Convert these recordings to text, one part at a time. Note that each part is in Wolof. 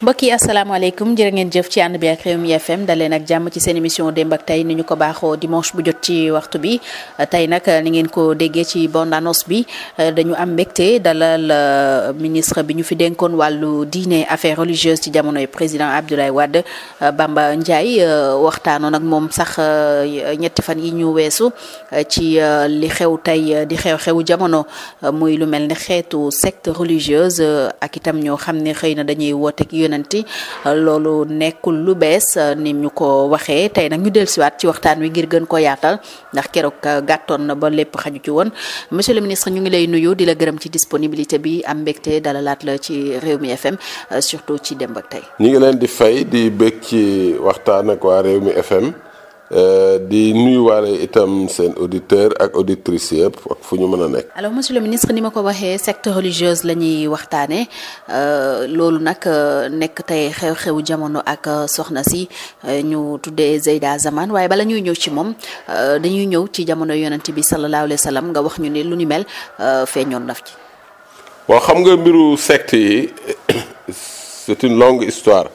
mbokk yi asalaamaaleykum jërë ngeen jëf ci ànd bi ak Rewmi FM daleen ak jàmm ci seen émission démb ak tey ni ñu ko baaxoo dimanche bu jot ci waxtu bi tey nag ni ngeen ko déggee ci bande annonce bi dañu am mbégte dalal euh, ministre bi ñu fi denkoon wàllu diine affaires religieuses ci jamonoy président Abdoulaye Wade euh, Bamba Ndiaye euh, waxtaanoon ak moom sax ñetti fan yi ñu weesu ci li xew tey di xew-xewu jamono muy lu mel ni xeetu secte religieuse ak itam ñoo xam ne xëy na dañuy woote gënanti loolu nekkul lu bees euh, ni ñu ko waxee tey nag ñu dellusiwaat ci waxtaan wi ngir gën ko yaatal ndax keroog euh, gàttoon na ba lépp xaju ci woon monsieur le ministre ñu ngi lay nuyu di la gërëm ci disponibilité bi am mbégte dalalaat la ci réew mi FM euh, surtout ci Demb ak tey ñu ngi leen di fay di bëgg ci waxtaan ak waa Rewmi FM Euh, di nuyuwaale itam seen auditeur ak auditrice yëpp ak fu ñu mën a nekk. monsieur le ministre ni ma ko waxee secte religieuse la ñuy waxtaanee euh, loolu nag euh, nekk tey xew xew jamono ak soxna si ñu tuddee Zeyda Zaman waaye bala ñuy ñëw ci moom dañuy ñëw ci jamono yonent bi sallallahu alayhi wa nga wax ñu ni lu ni mel feeñoon naf ci. waaw xam nga mbiru secte yi c'est une longue histoire.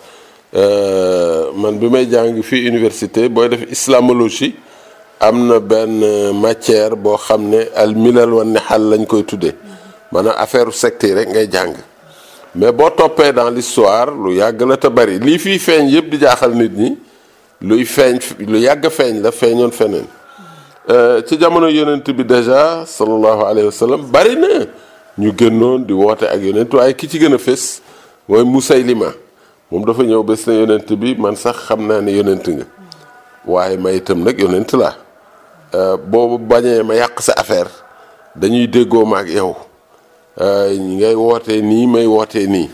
Euh, man bi may jàng fii université booy def islamologie am na benn matière boo xam ne al milal xal lañ koy tuddee maanaam affaire secte yi rek ngay jàng mais boo toppee dans l'histoire lu yàgg la te bari lii fii feeñ yëpp di jaaxal nit ñi luy feeñ lu yàgg feeñ la feeñoon feneen euh, ci jamono yonent bi déjà sallallahu alayhi wa bari na ñu gënoon di woote ak yonent waaye ki ci gën a fés mooy lima moom dafa ñëw bés na yonent bi man sax xam naa ne yonent nga waaye may itam nag yonent laa euh, boobu bañee ma yàq sa affaire dañuy déggoo ma ak yow euh, ñi ngay wootee nii may wootee nii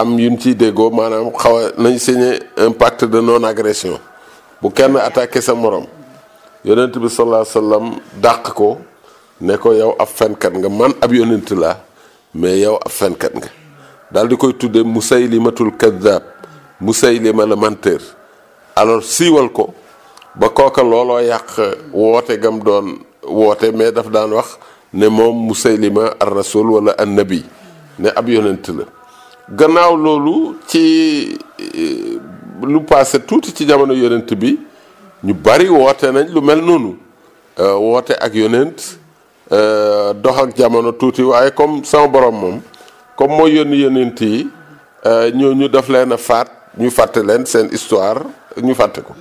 am yuñ ciy déggoo maanaam xaw a nañ signé un pacte de non agression bu kenn attaqué sa morom yonent bi sallallahu alayhi wasallam dàq ko ne ko yow ab fenkat nga man ab yonent laa mais yow ab fenkat nga daal di koy tudde musaylimatul kaddaab musaylima la menteur alors siiwal ko ba kooka looloo yàq woote gam doon woote mais daf daan wax ne moom musaylima ar rasul wala annabi ne ab yonent la gannaaw loolu ci eh, lu passé tuuti ci jamono yonent bi ñu bari woote nañ lu mel noonu euh, woote ak yonent euh, dox ak jamono tuuti waaye comme sama borom moom comme mooy yónni yónent yi euh, ñu daf leen a faat ñu fàtte leen seen histoire ñu fàtte ko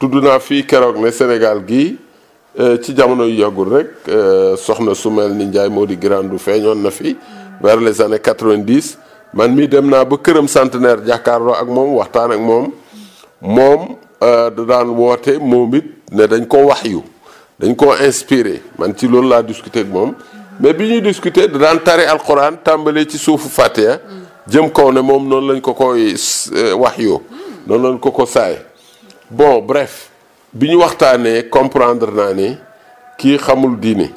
tudd naa fii keroog ne Sénégal gi euh, ci jamono yu yàggul rek euh, soxna su mel ni njaay moo di Girandou feeñoon na fi vers les années 90 man mii dem naa ba këram centenaire jàkkaarloo ak moom waxtaan ak moom moom da daan woote moom it ne dañ ko wax yu dañ ko inspiré man ci loolu laa discuter ak moom mais bi ñuy discuter danaan tari alquran tàmbalee ci suufu Fatiha jëm kaw ne moom noonu lañ ko koy euh, wax yoo noonu lañ ko ko saay bon bref bi ñu waxtaanee comprendre naa ne kii xamul diine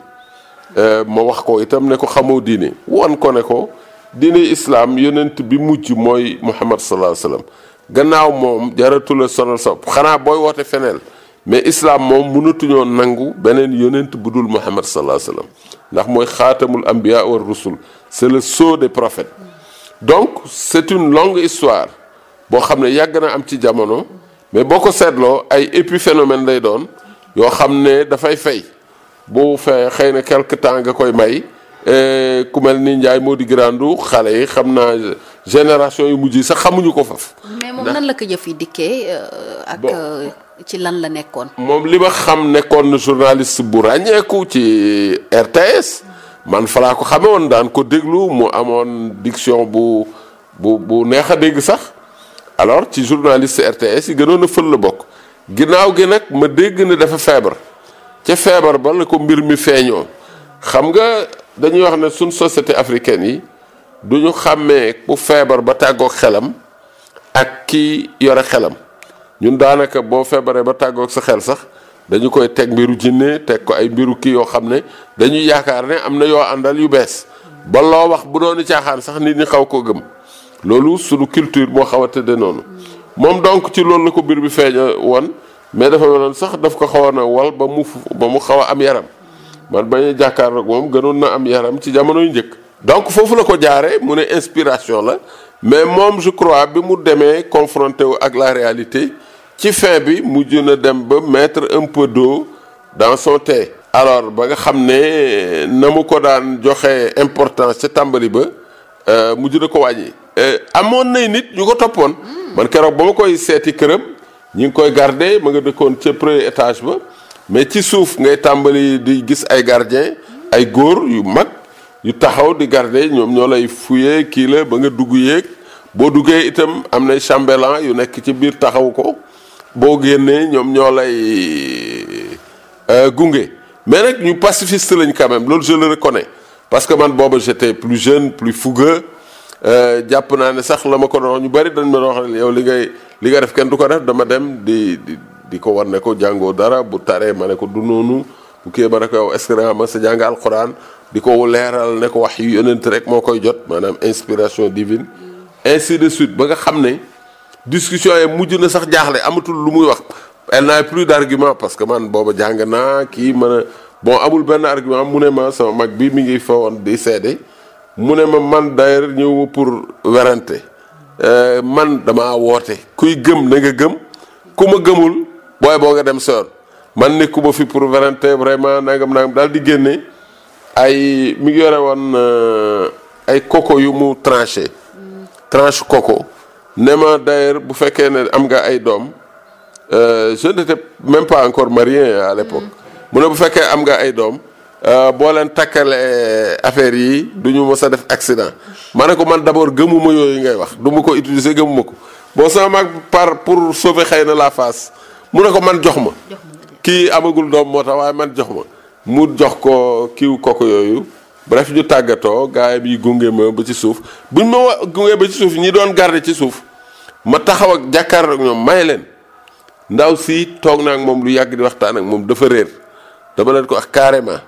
euh, ma wax ko itam ne ko xamoo diine wan ko ne ko diine islaam yonent bi mujj mooy Muhammad sallallahu alayhi gannaaw moom jaratula sonal sopp xanaa booy woote feneen mais islaam moom mënatuñoo nangu beneen yonent bu dul Muhammad sallallahu alayhi ndax mooy xaatamul ambiya war rusul c'est le sceau des prophètes donc c'est une longue histoire boo xam ne yàgg na am ci jamono mais boo ko seetloo ay épiphénomène lay doon yoo xam ne dafay fay bu fee xëy na quelque temps nga koy may eh, ku mel ni njaay moo di grandu xale yi xam naa génération yu mujj yi sax xamuñu ko faf mais moom nan la ko jëf yi dikkee euh, ak euh, ci lan la nekkoon. moom li ma xam nekkoon na journaliste bu ràññeeku ci RTS man fa ko xame woon daan ko déglu mu amoon diction bu bu bu neex a dégg sax alors ci journaliste RTS yi gënoon a fël la bokk ginnaaw gi nag ma dégg ne dafa feebar ca feebar ba la ko mbir mi feeñoo xam nga dañuy wax ne suñ société africain yi duñu xàmmee ku feebar ba tàggoog xelam ak ki yore xelam. ñun daanaka boo feebaree ba tàggoog sa xel sax dañu koy teg mbiru jinne teg ko ay mbiru kii yoo xam ne dañuy yaakaar ne am na yoo àndal yu bees ba loo wax bu doon caaxaan sax nit ñi xaw ko gëm loolu suñu culture moo xaw a tëdde noonu moom donc ci loolu la ko mbir bi feeña woon mais dafa meloon sax daf ko xawoon a wal ba mu ba mu xaw a am yaram man bañ a jàkkaarloo moom gënoon na am yaram ci jamono yu njëkk donc foofu la ko jaaree mu ne inspiration la mais moom je crois bi mu demee confronté wu ak la réalité ci fin bi mujj na dem ba mettre un peu d'eau dans son thé alors ba nga xam ne na mu ko daan joxe importance ca tàmbali ba euh, mujj na ko wàññi. Euh, amoon nay nit ñu ko toppoon man keroog ba ma koy seeti këram ñu ngi koy garde ma nga dëkkoon ca premier étage ba mais ci suuf ngay tàmbali di gis ay gardien ay góor yu mag yu taxaw di garde ñoom ñoo lay fuyee kii la ba nga dugg yéeg boo duggee itam am nay chambellan yu nekk ci biir taxawu ko boo génnee ñoom ñoo lay euh, gunge mais nag ñu pacifiste lañ quand même loolu je le reconnais parce man booba j'étais plus jeune plus fougueux euh, jàpp naa ne sax la ma ko doon ñu bari dañ ma doon wax yow li ngay li nga def kenn du ko def dama dem di di ko war ne ko jàngoo dara bu taree ma ne ko du noonu bu kii ma ne ko yow est-ce que da nga ma sa jàng alxuraan di ko leeral ne ko wax yu yonent rek moo koy jot maanaam inspiration divine ainsi de suite ba nga xam ne discussion yi mujj na sax jaaxle amatul lu muy wax elle n'a plus d'argument parce que man booba jàng naa kii mën a bon amul benn argument mu ne ma sama mag bi mu ngi fa di seede mu ne ma man d'ailleurs ñëw pour werante euh, man dama woote kuy gëm na nga gëm ku ma gëmul booy boo nga dem seur man nekkuma fi pour werante vraiment nangam nangam daal di génne ay mi ngi yore woon euh, ay coco yu mu tranché tranche coco ne ma bu fekkee ne am nga ay doom euh, je n'étais même pas encore marié à l'époque mm. mu ne bu fekkee am nga ay doom euh, boo leen takkalee euh, affaire yi du ñu mës a def accident ma ne ko man d'abord gëmuma yooyu ngay wax du ma ko utiliser gëmuma ko boo sama mag par pour sauver xëy na la face mu ne ko man jox ma kii amagul doom moo tax waaye man jox ma mu jox ko kiw kooku yooyu bref ñu tàggatoo gaay bi gunge ba ci suuf buñ ma gunge ba ci suuf ñi doon garde ci suuf ma taxaw ak jàkkaarloo ak ñoom may leen ndaw si toog naa ak moom lu yàgg di waxtaan ak moom dafa réer dama leen ko ak carrément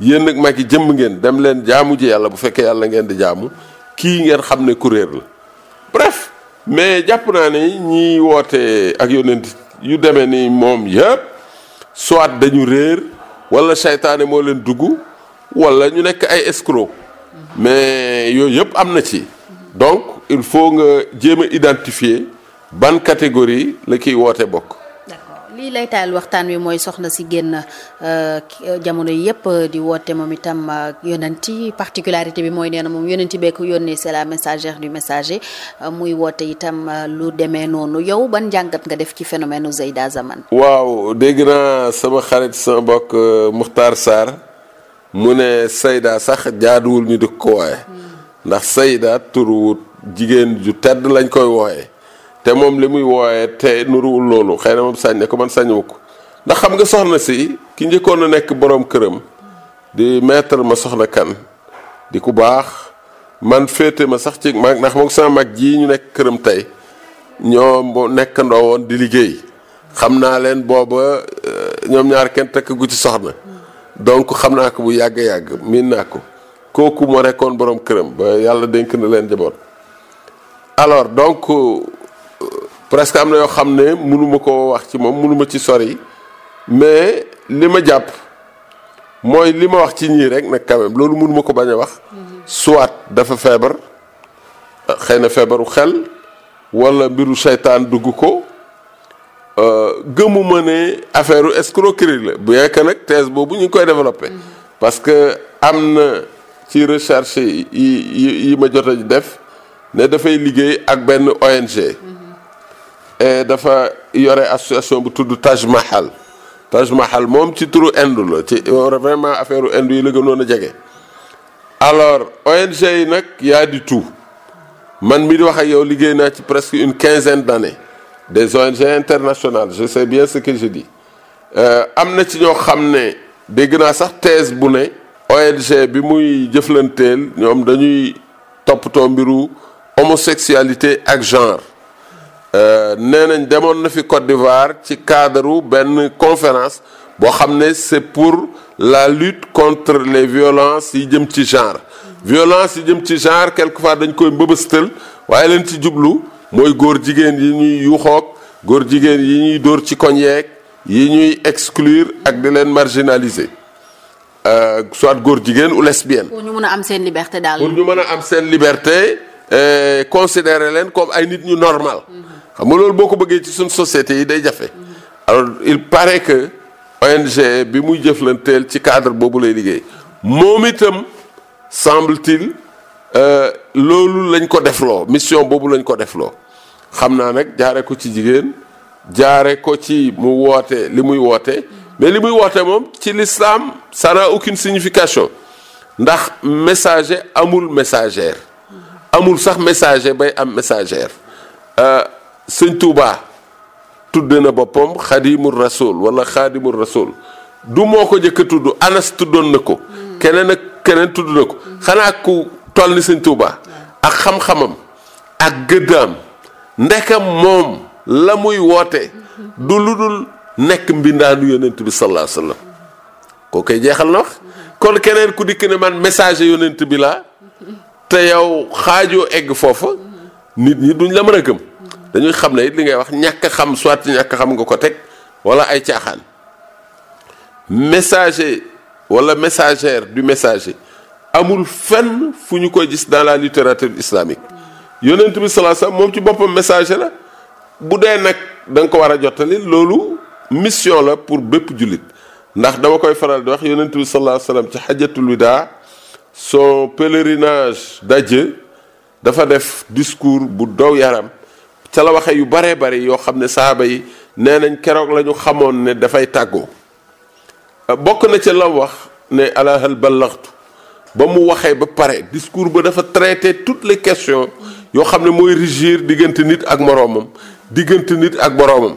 yéen nag mag yi jëmm ngeen dem leen jaamu ji yàlla bu fekkee yàlla ngeen di jaamu kii ngeen xam ne ku réer la bref mais jàpp naa ne ñiy woote ak yonent yu demee ni moom yëpp soit dañu réer wala seytaane moo leen dugg wala ñu nekk ay escroc mais yooyu yëpp am na ci donc il faut nga jéem a identifier ban catégorie la kiy woote bokk. lii lay taal waxtaan wi mooy soxna si génn euh, jamono yépp di woote moom itam yonanti particularité bi mooy nee na moom yonanti beeku yónnee c'est la messagère du messager euh, muy woote itam euh, lu demee noonu yow ban njàngat nga def ci phénomène Zeyda Zaman. waaw dégg naa sama xarit sama mbokk Muxtaar Sarr mu ne sayda sax jaaduwul ñu di ko wooye ndax sayda turuwut jigéen ju tedd lañ koy wooyee te moom li muy wooyee te nuruwul loolu xëy na moom sañ ne ko man sañu ko ndax xam nga soxna si ki njëkkoon a nekk boroom këram di maître ma soxna kan di ku baax man féete ma sax ci mag ndax moom sama mag jii ñu nekk këram tey ñoo nekkandoo woon di liggéey xam naa leen booba eh, ñoom ñaar kenn takk gu ci soxna donc xam naa ko bu yàgg yàgg miin naa ko kooku moo rekkoon boroom këram ba yàlla dénk na leen jaboot alors donc euh, presque am na yoo xam ne mënuma ko wax ci moom mënuma ci sori mais li ma jàpp mooy li ma wax ci ñii rek nag quand loolu mënuma ko bañ a wax soit dafa feebar xëy na feebaru xel wala mbiru seytaan dugg ko gëmuma ne affaire escroquerie la bien que nag thèse boobu ñu koy développé. Mm-hmm. parce que am na ci recherche yi yi yi ma jot a def ne dafay liggéey ak benn ONG. Mm-hmm. et dafa yore association bu tudd Taj Mahal Taj Mahal moom ci turu Inde la ci vraiment affaire Inde yi la gënoon a jege. alors ONG yi nag y di du tout man mi di wax ak yow liggéey naa ci presque une quinzaine d'années. des ONG internationales je sais bien ce que je dis euh, am na ci ñoo xam ne dégg naa sax thèse bu ne ONG bi muy jëflanteel ñoom dañuy toppatoo mbiru homosexualité ak genre euh, nee nañ demoon na fi Côte d'Ivoire ci cadre benn conférence boo xam ne c'est pour la lutte contre les violences yi jëm ci genre violence yi jëm ci genre quelquefois dañ koy mbëbëstal waaye leen ci jublu mooy góor jigéen yi ñuy yuuxoog góor jigéen yi ñuy dóor ci koñ yeeg yi ñuy exclure ak di leen marginaliser euh, soit góor jigéen ou lesbienne. pour ñu mën a am seen liberté daal. pour ñu mën a am seen liberté euh, considérer leen comme ay nit ñu normal. Mm-hmm. xam loolu boo ko bëggee ci suñu société yi day jafe. Mm-hmm. alors il paraît bi muy jëflanteel ci cadre boobu lay liggéey moom itam semble-t-il euh, loolu lañ ko defloo mission boobu lañ ko defloo. xam naa nag jaare ko ci jigéen jaare ko ci mu woote li muy woote mais li muy woote moom ci l'islam ça n'a aucune signification ndax messager amul messager amul sax messager bay am messagère euh, sëñ Touba tudd na boppam xadimul rasul wala xaadimul rasul du moo ko njëkk a tudd anas tuddoon na ko keneen ak keneen tudd na ko xanaa ku toll ni sëñ Touba ak xam-xamam ak gëddaam ndekam moom la muy woote du lu dul nekk mbindaanu yonent bi sallallahu alayhi wasallam jeexal na wax kon keneen ku dikk ne man message yonent bi laa te yow xaajoo egg foofa nit ñi duñ la mën a gëm dañuy xam ne it li ngay wax ñàkk a xam soit ñàkk xam nga ko teg wala ay caaxaan messager wala messagère du messager amul fenn fu ñu ko gis dans la littérature islamique yonent bi salaa salaam moom ci boppam message la bu dee nag danga ko war a jottali loolu mission la pour bépp jullit ndax dama koy faral di wax yonent bi salaa ci xajatul wida soo pèlerinage daje dafa def discours bu dow yaram ca la waxe yu baree bari yoo xam ne saaba yi nee nañ keroog la ñu xamoon ne dafay tàggoo bokk na ca la wax ne alahal ballaxtu ba mu waxee ba pare discours ba dafa traité toutes les questions yoo xam ne mooy régir diggante nit ak moroomam diggante nit ak boroomam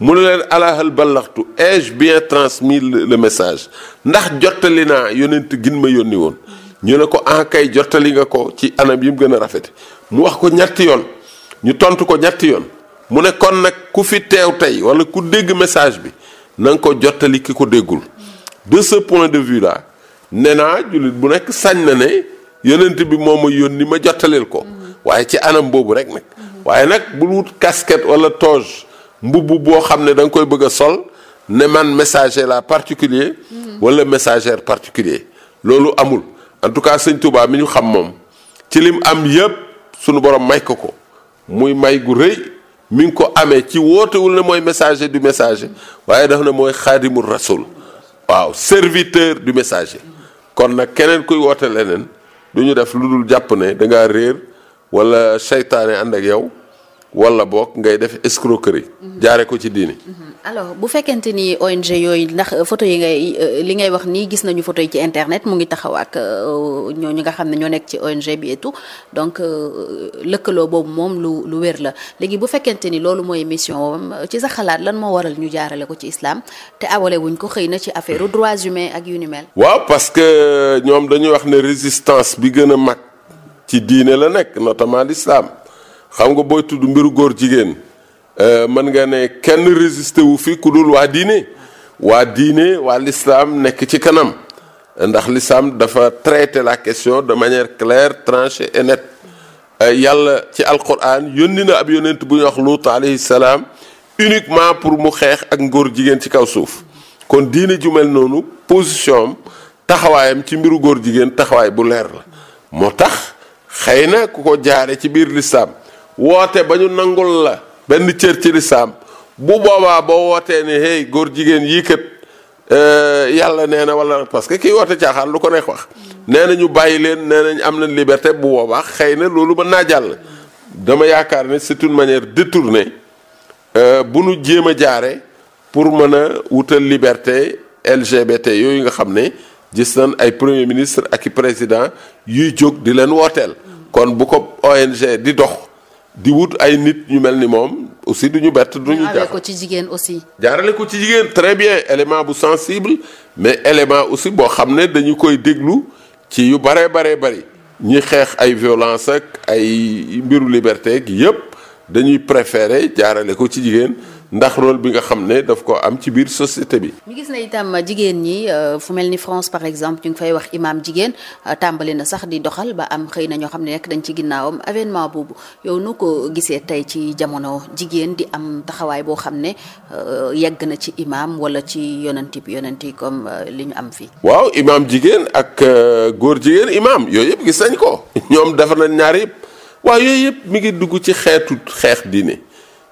mu ne leen alahal ballaxtu ai-je bien transmis le message ndax jottali naa yonent gin ma yónni woon ñu ne ko ankay ah jottali nga ko ci anam yi mu gën a rafete mu wax ko ñetti yoon ñu tontu ko ñetti yoon mu ne kon nag ku fi teew tey wala ku dégg message bi na ko jottali ki ko déggul de ce point de vue là nee naa jullit bu nekk sañ na ne yonent bi moo ma yónni ma jottalil ko waaye ci anam boobu rek nag waaye nag bul wut kasket wala toge mbubb boo xam ne da nga koy bëgg a sol ne man messager la particulier wala messagère particulier loolu amul en tout cas sëñ Touba mi ñu xam moom ci lim am yépp sunu borom may ko ko muy may gu rëy mi ngi ko amee ci wootewul ne mooy messager du messager waaye daf ne mooy xaadimul rasul waaw serviteur du messager kon nag keneen kuy woote leneen du ñu def lu dul jàpp ne da ngaa réer wala seytaane ànd ak yow wala boog ngay def escroquerie. jaare ko ci diini. Mhm. alors bu fekkente ni ONG yooyu ndax photo yi ngay li ngay wax nii gis nañu photo yi ci internet mu ngi taxaw ak euh, ñooñu nga xam ne ñoo nekk ci ONG bi et tout donc euh, lëkkaloo boobu moom lu lu wér la léegi bu fekkente ni loolu mooy mission ci sa xalaat lan moo waral ñu jaarale ko ci islam te awale wuñ ko xëy na ci affaire droits humains ak yu ni mel. waaw parce que euh, ñoom dañuy wax ne résistance bi gën mag. ci diine la nekk notamment l'islam xam nga booy tudd mbiru góor jigéen euh, mën nga ne kenn résisté wu fi ku dul waa diine waa diine waa l'islam nekk ci kanam ndax l'islam dafa traité la question de manière claire tranché et nette euh, yàlla ci alquran yónni na ab yonent bu ñuy wax luut alayhi salaam uniquement pour mu xeex ak ngóor jigéen ci kaw suuf kon diine ju noonu position am taxawaayam ci mbiru góor jigéen taxawaay bu leer la moo tax xëy na ku ko jaare ci biir lislaam woote ba ñu nangul la benn cër ci lislaam bu boobaa boo wootee ne hey góor jigéen yii kat euh, yàlla nee na wala parce que kii woote caaxaan lu ko nekk wax nee na ñu bàyyi leen nee nañ am nañ liberté bu boobaa xëy na loolu mën naa jàll dama yaakaar ne c'est une manière détournée euh, bu nu jéem a jaare pour mën a wutal liberté LGBT yooyu nga xam ne gis nañ ay premier ministre ak i président yuy jóg di leen wooteel kon bu ko ONG di dox di wut ay nit ñu mel ni moom aussi du ñu bett duñu ñu jaarale ko ci jigéen aussi jaarale ko ci jigéen très bien élément bu sensible mais élément aussi boo xam ne dañu koy déglu ci yu baree baree bari ñi xeex ay violence ak ay mbiru liberté gi yépp dañuy préférer jaarale ko ci jigéen ndax role bi nga xam ne daf ko am ci biir société bi. mu gis na itam jigéen ñi euh, fu mel ni France par exemple ñu ngi fay wax imaam jigéen euh, tàmbali na sax di doxal ba am xëy na ñoo xam ne rek dañ ci ginnaawam avènement boobu yow noo ko gisee tey ci jamono jigéen di am taxawaay boo xam ne euh, yegg na ci imaam wala ci yonanti bi yonanti comme li ñu am fi waaw imaam jigéen ak góor jigéen imaam yooyu yëpp gis nañ ko ñoom dafa nañ ñaar yëpp waaw yooyu yëpp mi ngi dugg ci xeetu xeex diine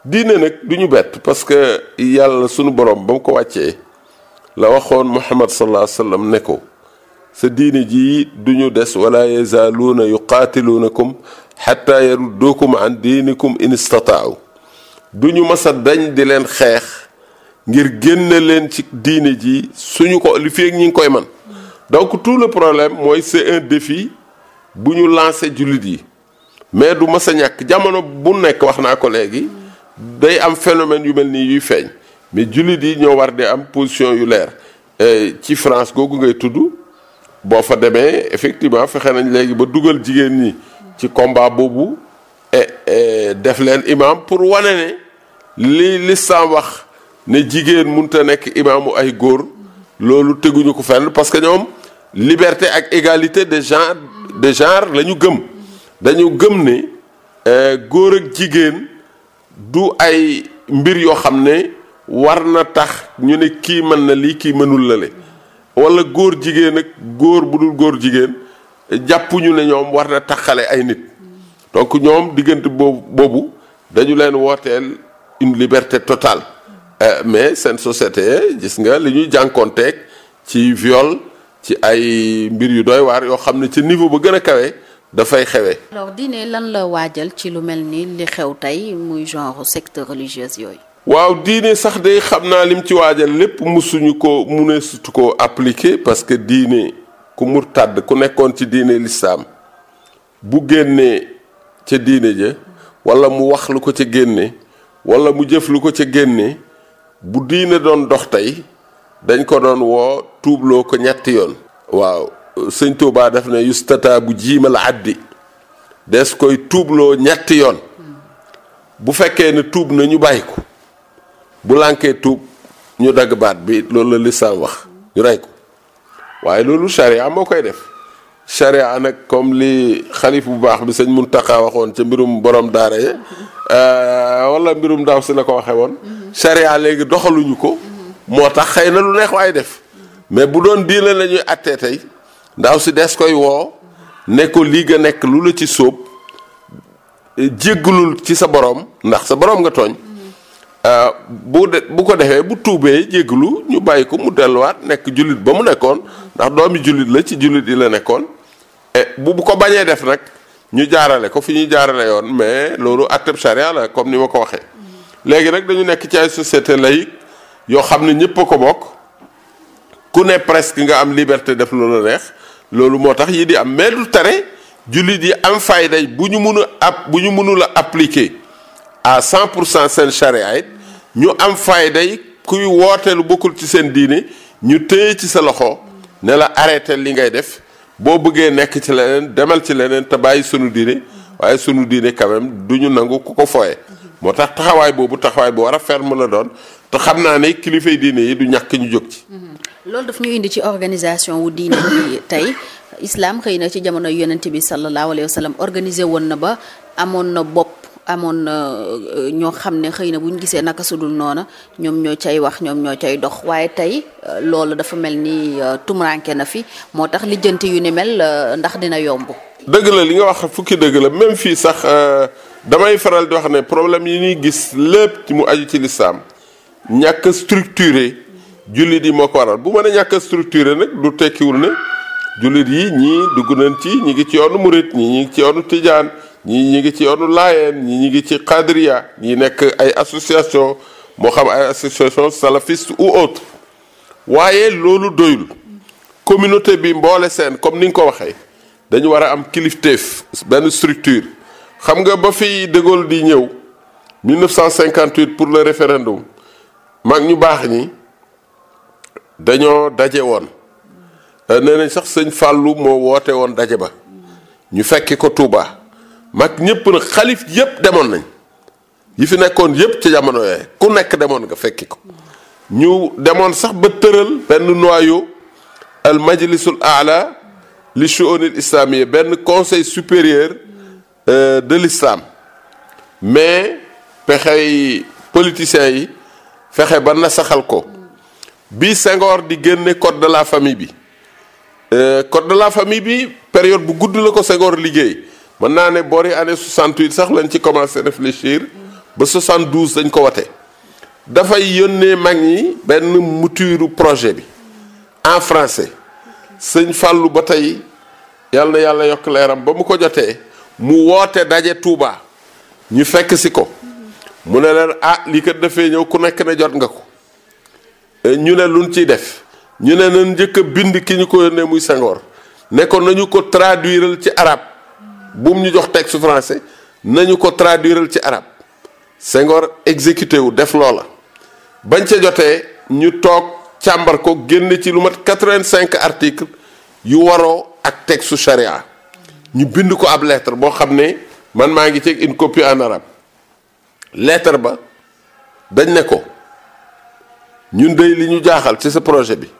diine nag du ñu bett parce que yàlla sunu borom ba mu ko wàccee la waxoon muhammad sallallahu alayhi wa ne ko sa diine ji du ñu des wala yazaaluuna yuqaatiluunakum xatta yarudduukum an diinikum in istataaw du ñu masa dañ di leen xeex ngir génne leen ci diine ji suñu ko li feeg ñi ngi koy man donc tout le problème mooy c'est un défi bu ñu lancé jullit yi mais du masa ñàkk jamono bu nekk wax naa ko léegi day am phénomène yu mel nii yuy feeñ mais jullit yi ñoo war di am position yu leer ci France googu ngay tudd boo fa demee effectivement fexe nañ léegi ba dugal jigéen ñi ci combat boobu def leen imam pour wane ne li lislam wax ne jigéen mënut a nekk imaamu ay góor loolu teguñu ko fenn parce que ñoom liberté ak égalité de genre de genre la ñu gëm dañu gëm ne euh, góor ak jigéen du ay mbir yoo xam ne war na tax ñu ne kii mën na lii kii mënul lale wala góor jigéen ak góor bu dul góor jigéen jàppuñu ne ñoom war na taxale ay nit donc ñoom diggante boobu boobu dañu leen wooteel une liberté totale euh, mais seen société gis nga li ñuy jànkoonteeg ci viol ci ay mbir yu dooy waar yoo xam ne ci niveau ba gën a kawe dafay xewe alors diine lan la waajal ci lu mel ni li xew tey muy genre secte religieuse yooyu. waaw diine sax day xam naa lim ci waajal lépp musuñu ko mu ne sutu ko appliquer parce que diine ku murtad ku nekkoon ci diine lislaam bu génnee ca diine ja walla mu wax lu ko ca génne walla mu jëf lu ko ca génne bu diine doon dox tey dañ ko doon woo tuubloo ko ñetti yoon waaw sëñ Tuubaa daf ne yustata bu jiimal addi des koy tuubloo ñetti yoon bu fekkee ne tuub na ñu bàyyi ko bu lànkee tuub ñu dagg baat bi loolu la lislaam wax ñu rey ko waaye loolu charia moo koy def charia nag comme li xalif bu baax bi sëñ Muntaxa waxoon ca mbirum boroom daara yi euh, walla mbirum daaw si la ko waxe woon charia léegi doxaluñu ko moo tax xëy na lu neex waay def mais bu doon diine la ñuy tey ndaw si des koy woo ne ko lii nga nekk lu la ci soob jéggalul ci sa borom ndax sa borom nga tooñ euh, bu de bu ko defee bu tuubee jéggalu ñu bàyyi ko mu delluwaat nekk jullit ba mu nekkoon ndax doomi jullit la ci jullit yi la nekkoon bu bu ko bañee def nag ñu jaarale ko fi ñu jaarale yoon mais loolu atteb charia la comme ni ma ko waxee léegi nag dañu nekk ci ay société laïque yoo xam ne ñëpp a ko bokk ku ne presque nga am liberté def lu la neex loolu moo tax yi di am mais du tare jullit yi am fayda bu ñu mun a ab bu ñu mënul a appliquer à cent pour cent seen charia it ñu am fayda yi kuy wooteelu bokkul ci seen diine ñu téye ci sa loxo ne la arrêté li ngay def boo bëggee nekk ci leneen demal ci leneen te bàyyi sunu diine waaye sunu diine quand même du ñu nangu ku ko fooye moo tax taxawaay boobu taxawaay bu war a la doon te xam naa ne kilifay diine yi du ñakk ñu jóg ci loolu dafa ñu indi ci organisation wu diine bi tey islaam xëy na ci jamono yonent bi sallallahu alayhi wa sallam organisé woon na ba amoon na bopp. amoon na euh, ñoo xam ne xëy na bu ñu gisee naka sudul noona ñoom ñoo cay wax ñoom ñoo cay dox waaye tey euh, loolu dafa mel ni euh, tumuranke na fi moo tax lijjanti yu ni mel ndax dina yomb. dëgg la li nga wax fukki dëgg la même fii sax damay faral di wax ne problème yi ñuy gis lépp ci mu aju ci lislaam ñàkk structuré jullit yi moo ko waral bu ma ne ñàkk a structuré nag du tekkiwul ne jullit yi ñii dugg nañ ci ñi ngi ci yoonu murit ñii ngi ci yoonu tijaan ñii ñi ngi ci yoonu laayeen ñii ñi ngi ci xadriya ñii nekk ay association moo xam ay association salafiste ou autre waaye loolu doyul communauté bi mboole seen comme ni nga ko waxee dañu war a am kilifteef benn structure xam nga ba fi De di ñëw 1958 pour le référendum mag ñu baax ñi dañoo daje woon euh, nee nañ sax sëñ fàllu moo woote woon daje ba ñu fekki ko Touba mag ñëpp nag xalif yëpp demoon nañ yi fi nekkoon yëpp ci jamono yooyu ku nekk demoon nga fekki ko ñu demoon sax ba tëral benn noyau al majlisul ala li shu'unil islamiyya benn conseil supérieur euh, de l'islam mais pexey politiciens yi fexe ba nasaxal ko bi Senghor di génne code de la famille bi euh, code de la famille bi période bu gudd la ko Senghor liggéey mën naa ne boori année 68 sax lañ ci commencé réfléchir ba 72 dañ ko wate dafay yënne mag ñi benn mouture projet bi en français sëñ fàllu ba tey yàlla yàlla yokk leeram ba mu ko jotee mu woote daje Touba ñu fekk si ko mu ne leen ah lii kat dafee ñëw ku nekk ne jot nga ko ñu ne luñ ciy def ñu ne nañ njëkk bind ki ñu ko yónnee muy Senghor ne ko nañu ko traduiral ci arab bu ñu jox texte français nañu ko traduiral ci arab Senghor exécuté wu def loola bañ ca jotee ñu toog càmbar ko génn ci lu mat quatre-vingt-cinq articles yu waroo ak texte charia ñu bind ko ab lettre boo xam ne man maa ngi ceeg une copie en arabe lettre ba dañ ne ko ñun day li ñu jaaxal ci sa projet bi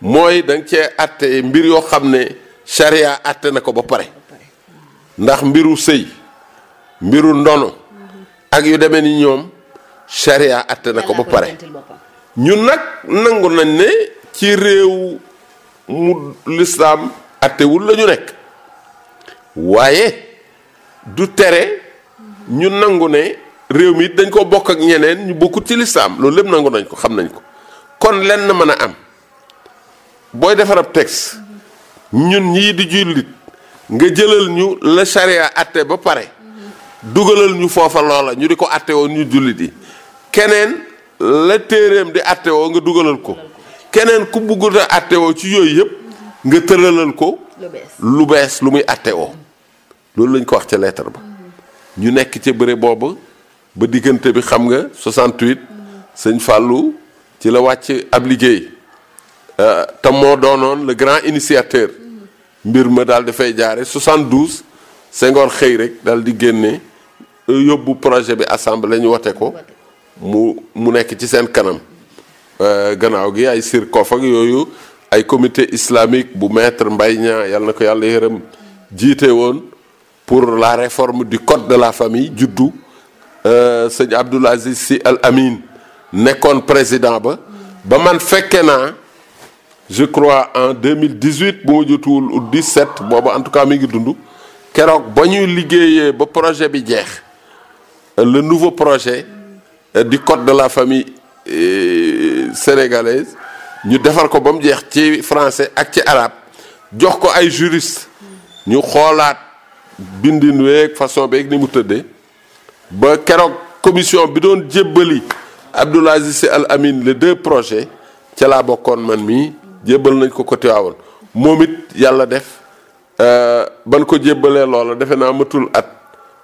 mooy da nga cee atte mbir yoo xam ne charia atte na ko ba pare ndax mbiru sëy mbiru ndono ak yu demee ni ñoom charia atte na ko ba pare ñun nag nangu nañ ne ci réew mu lislaam attewul lañu ñu nekk waaye du tere ñu nangu ne réew mi dañ koo bokk ak ñeneen ñu bokkut ci lislaam loolu lépp nangu nañ ko xam nañ ko kon lenn mën a am booy defar ab ñun ñii di jullit nga jëlal ñu la charia atte ba pare dugalal ñu foofa loola ñu di ko atte woo ñu jullit yi keneen la téeréem di atte woo nga dugalal ko keneen ku buggut a atte woo ci yooyu yëpp nga tëralal ko lu bees lu muy atte woo loolu lañ ko wax ca lettre ba ñu nekk ca bëre boobu ba diggante bi xam nga 68 sëñ Fallou ci la wàcc ab liggéey euh, tam moo doonoon la grand initiateur mbir ma daal dafay jaare 72 Senghor xëy rek daal di génne euh, yóbbu projet bi assemblée ñu wote ko mu mu nekk ci seen kanam euh, gannaaw gi ay SIRCOF ak yooyu ay comité islamique bu metre mbay Niang yàlla na ko yàlla yërëm jiite woon pour la réforme du code de la famille juddu Euh, sëñ Abdoul Aziz si Al Amin nekkoon président ba ba man fekke naa je crois en 2018 bu ma jotuwul ou 17 booba en tout cas mi ngi dund keroog ba ñuy liggéeyee ba projet bi jeex le nouveau projet euh, di code de la famille euh, sénégalaise ñu defar ko ba mu jeex ci français ak ci arabe jox ko ay juriste ñu xoolaat bindin weeg façon beeg ni mu tëddee ba keroog commission bi doon jébbali Abdoul Aziz Sy Al Amine les deux projets ca laa bokkoon man mii jébbal nañ ko ko Tiwaawan moom it yàlla def euh, ban ko jébbalee loola defe naa matul at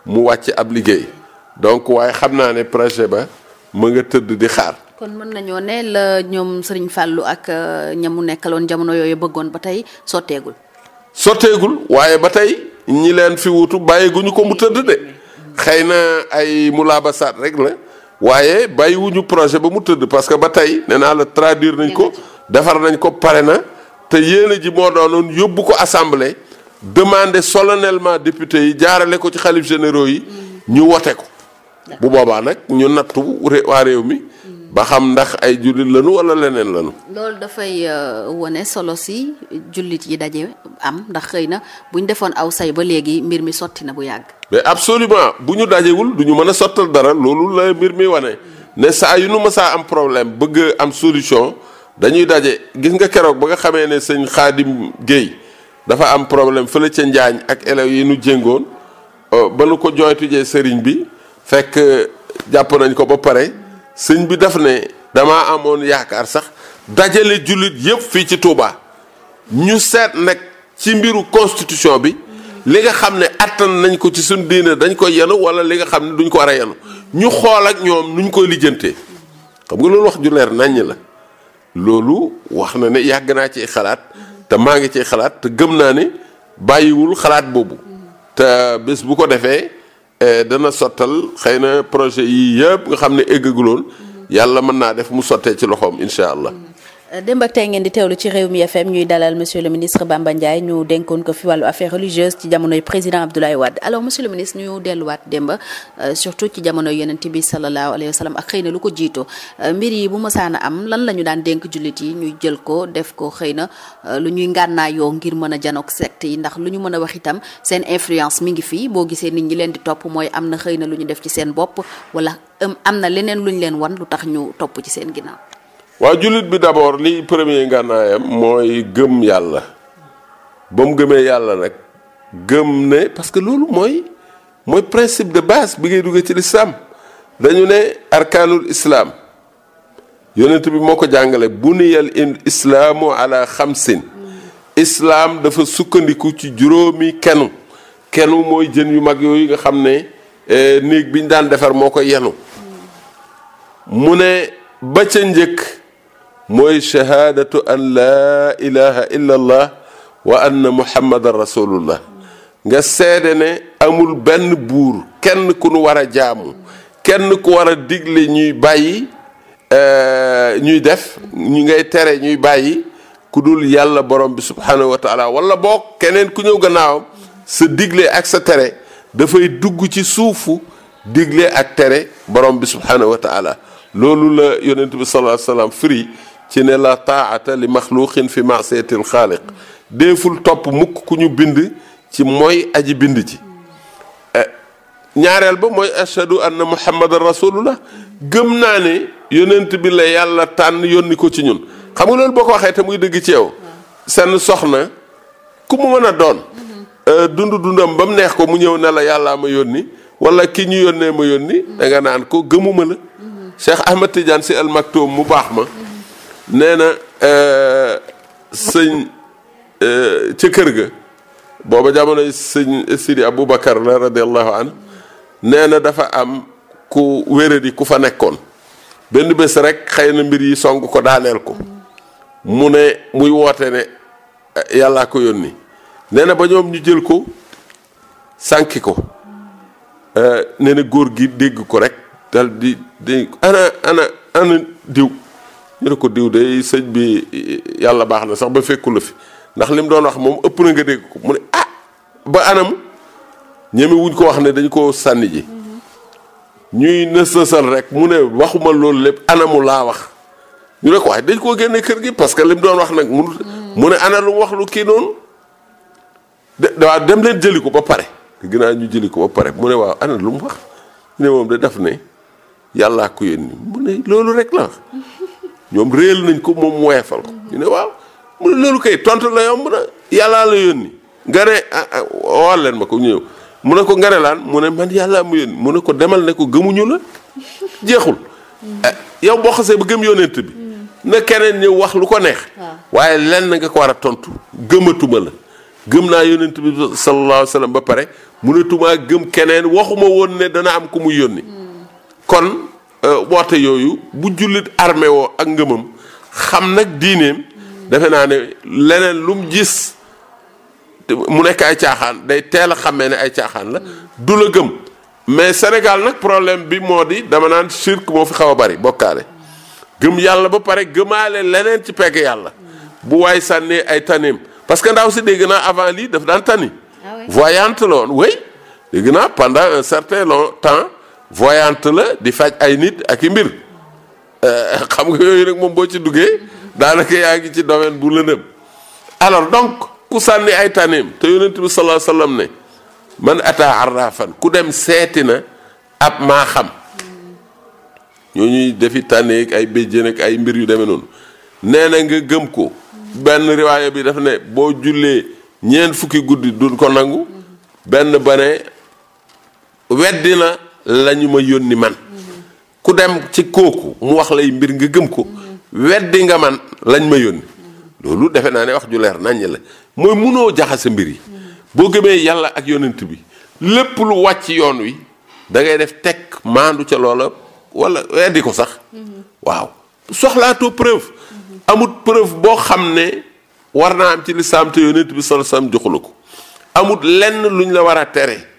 mu wàcc ab liggéey donc waaye xam naa ne projet ba mu nga tëdd di xaar. kon mën nañoo ne la ñoom Serigne Fallou ak euh, ña mu nekkaloon jamono yooyu bëggoon ba tey sotteegul. sotteegul waaye ba tey ñi leen fi wutu bàyyi guñu ko mu tëdd de. xëy na ay mulaabasaat rek la waaye bàyyiwuñu projet ba mu tëdd parce que ba tey ne naa la traduire nañ ko defar nañ ko pare na te yéene ji moo doon doonoon yóbbu ko assemblée demander solennellement député yi jaarale ko ci xalif généraux yi ñu wote ko bu boobaa nag ñu nattu waa réew mi ba xam ndax ay jullit lañu wala leneen lañu. loolu dafay euh, wone solo si jullit yi daje am ndax xëy na bu ñu defoon aw say ba léegi mbir mi sotti na bu yàgg. mais absolument bu ñu dajewul du ñu mën a sottal dara loolu la mbir mi wane ne saa yu nu ma saa am problème bëgg am solution dañuy daje gis nga keroog ba nga xamee ne sëñ Xaadim Guèye dafa am problème fële ca Njaañ ak élèves yi nu jéngoon euh, ba nu ko jooytujee sëriñ bi fekk jàpp nañ ko ba pare. sëñ bi daf ne damaa amoon yaakaar sax dajale jullit yépp fii ci Touba ñu seet nag ci mbiru constitution bi li nga xam ne attan nañ ko ci suñ diine dañ koy yenu wala li nga xam ne duñ ko war a yenu ñu xool ak ñoom luñ koy lijjantee xam nga loolu wax ju leer la loolu wax na ne yàgg naa ci xalaat te maa ngi ciy xalaat te gëm naa ne bàyyiwul xalaat boobu te bés bu ko defee Eh, dana sottal xëy na projet yii yëpp nga xam ne éggaguloon yàlla mën naa def mu sottee ci loxoom incha allah. démb ak tey ngeen di teewlu ci réew mi FM ñuy dalal monsieur le ministre Bamba Ndiaye ñu dénkoon ko fi wàllu affaire religieuse ci jamonoy président Abdoulaye Wade alors monsieur le ministre ñu delluwaat démb euh, surtout ci jamono yonent bi sallallahu alayhi wa sallam ak xëy na lu ko jiitu euh, mbir yi bu masaana am lan la ñu daan dénk jullit yi ñuy jël ko def ko xëy na euh, lu ñuy ngànnaayoo ngir mën a janook secte yi ndax lu ñu mën a wax itam seen influence mi ngi fii boo gisee nit ñi leen di topp mooy am na xëy na lu ñu def ci seen bopp wala am na leneen lu ñu leen wan lu tax ñu topp ci seen ginnaaw waaw jullit bi d'abord li premier ngànnaayam mooy gëm yàlla ba mu gëmee yàlla nag gëm ne parce que loolu mooy mooy principe de base bi ngay duggee ci lislaam dañu ne arkaanul islaam yonent bi moo ko jàngale bu buniyal islaamu ala xamsin islaam dafa sukkandiku ci juróomi kenu kenu mooy jën yu mag yooyu nga xam ne eh, néeg bi ñu daan defar moo ko yenu mu ne ba ca njëkk mooy shahaadatu an laa ilaha illa allah wa anna muhammadan rasulullah nga seede ne amul benn buur kenn ku nu war a jaamu kenn ku war a digle ñuy bàyyi eh, ñuy def ñu ngay tere ñuy bàyyi ku dul yàlla borom bi subhanahu wa taala wala boo keneen ku ñëw gannaawam sa digle ak sa tere dafay dugg ci suufu digle ak tere borom bi subhanahu wa taala loolu la yonent bi sallallahu alayhi ci ne la taata li maxluuqin fi maasiyatil xaaliq déeful topp mukk ku ñu bind ci mooy aji bind ci e, ñaareel ba mooy ashadu anna muhammadan rasulullah gëm naa ne yonent bi la yàlla tànn yónni ko ci ñun xam nga boo ko waxee te muy dëgg ci yow seen soxna ku mu mën a doon e, dund dundam ba mu neex ko mu ñëw ne la yàllaa ma yónni wala ki ñu yónnee ma yónni da nga naan ko gëmuma la Cheikh Ahmad Tidiane si almaktoum mu baax ma nee na euh, sëñ euh, ca kër ga booba jamonoy sëñ Sidi Aboubacar la radiallahu an nee na dafa am ku wéradi ku fa nekkoon benn bés rek xëy na mbir yi song ko daaneel ko mu ne muy woote ne yàllaa ko yónni nee na ba ñoom ñu jël ko sànki ko euh, nee góor gi dégg ko rek dal di di ana ana ana diw ñu ko diw de sëñ bi yàlla baax na sax ba fekku la fi ndax lim doon wax moom ëpp na nga dégg ko mu ne ah ba anam ñeme wuñ ko ne dañ ko sànni ji ñuy nës rek mu ne waxuma loolu lépp anamu laa wax ñu ne ko dañ koo génne kër gi parce que lim doon wax nag mu mu ne ana lu wax lu kii noonu de waaw dem leen jëli ko ba pare ginnaaw ñu jëli ko ba pare mu ne waaw ana lu mu wax ñu ne moom de daf ne yàllaa ko yónni mu ne loolu rek la ñoom réel nañ ko moom mu weefal ko ñu ne waaw mu ne loolu kay tontu la yomb na yàlla la yónni nga ne ah, ah, woo leen ma ko ñëw mu ne ko nga ne laan mu ne man yàllaa mu yónni mu ne ko demal ne ko gëmuñu la jeexul hmm. eh, yow boo xasee ba gëm yónent bi hmm. na keneen ñëw wax lu ko neex ah. waaye lenn nga ko war a tontu gëmatuma la gëm naa yónent bi sallallahu alayhi wa sallam ba pare mënatumaa gëm keneen waxuma woon ne dana am ku mu yónni hmm. kon Euh, woote yooyu bu jullit armé woo ak ngëmam xam nag diineem defe naa ne leneen lu mu gis mu nekk ay caaxaan day teel a xàmmee ne ay caaxaan la du la gëm mais Sénégal nag problème bi moo di dama naan shirk moo fi xaw a bari bokkaale gëm yàlla ba pare gëmaale leneen ci pegg yàlla bu waaye sànnee ay taneem parce que ndaw si dégg naa avant lii daf daan tani ah voyante la woon oui dégg naa pendant un certain long temps voyante la di faj ay nit ak i mbir eh, xam nga yooyu nag moom boo ci duggee daanaka yaa ngi ci domaine bu lëndëm alors donc ku sànni ay taneem te yonent bi sallallahu alayhi ne man ata arrafan ku dem seeti na ab maa xam ñoo ñuy defi tànneeg ay béjjén ak ay mbir yu demee noonu nee na nga gëm ko benn riwaaya bi daf ne boo jullee ñeent fukki guddi du ko nangu benn ba ne weddi na la ñu ma yónni man ku dem ci kooku mu wax lay mbir nga gëm ko weddi nga man lañ ma yónni loolu defe naa ne wax ju leer naññ la mooy munoo jaxase mbir yi boo gëmee yàlla ak yonent bi lépp lu wàcc yoon wi da ngay def teg maandu ca loola walla weddi ko sax waaw soxlaatoo preuve amut preuve boo xam ne war naa am ci li te yonent bi sallallahu alayhi wasallam ko amut lenn luñ la war a tere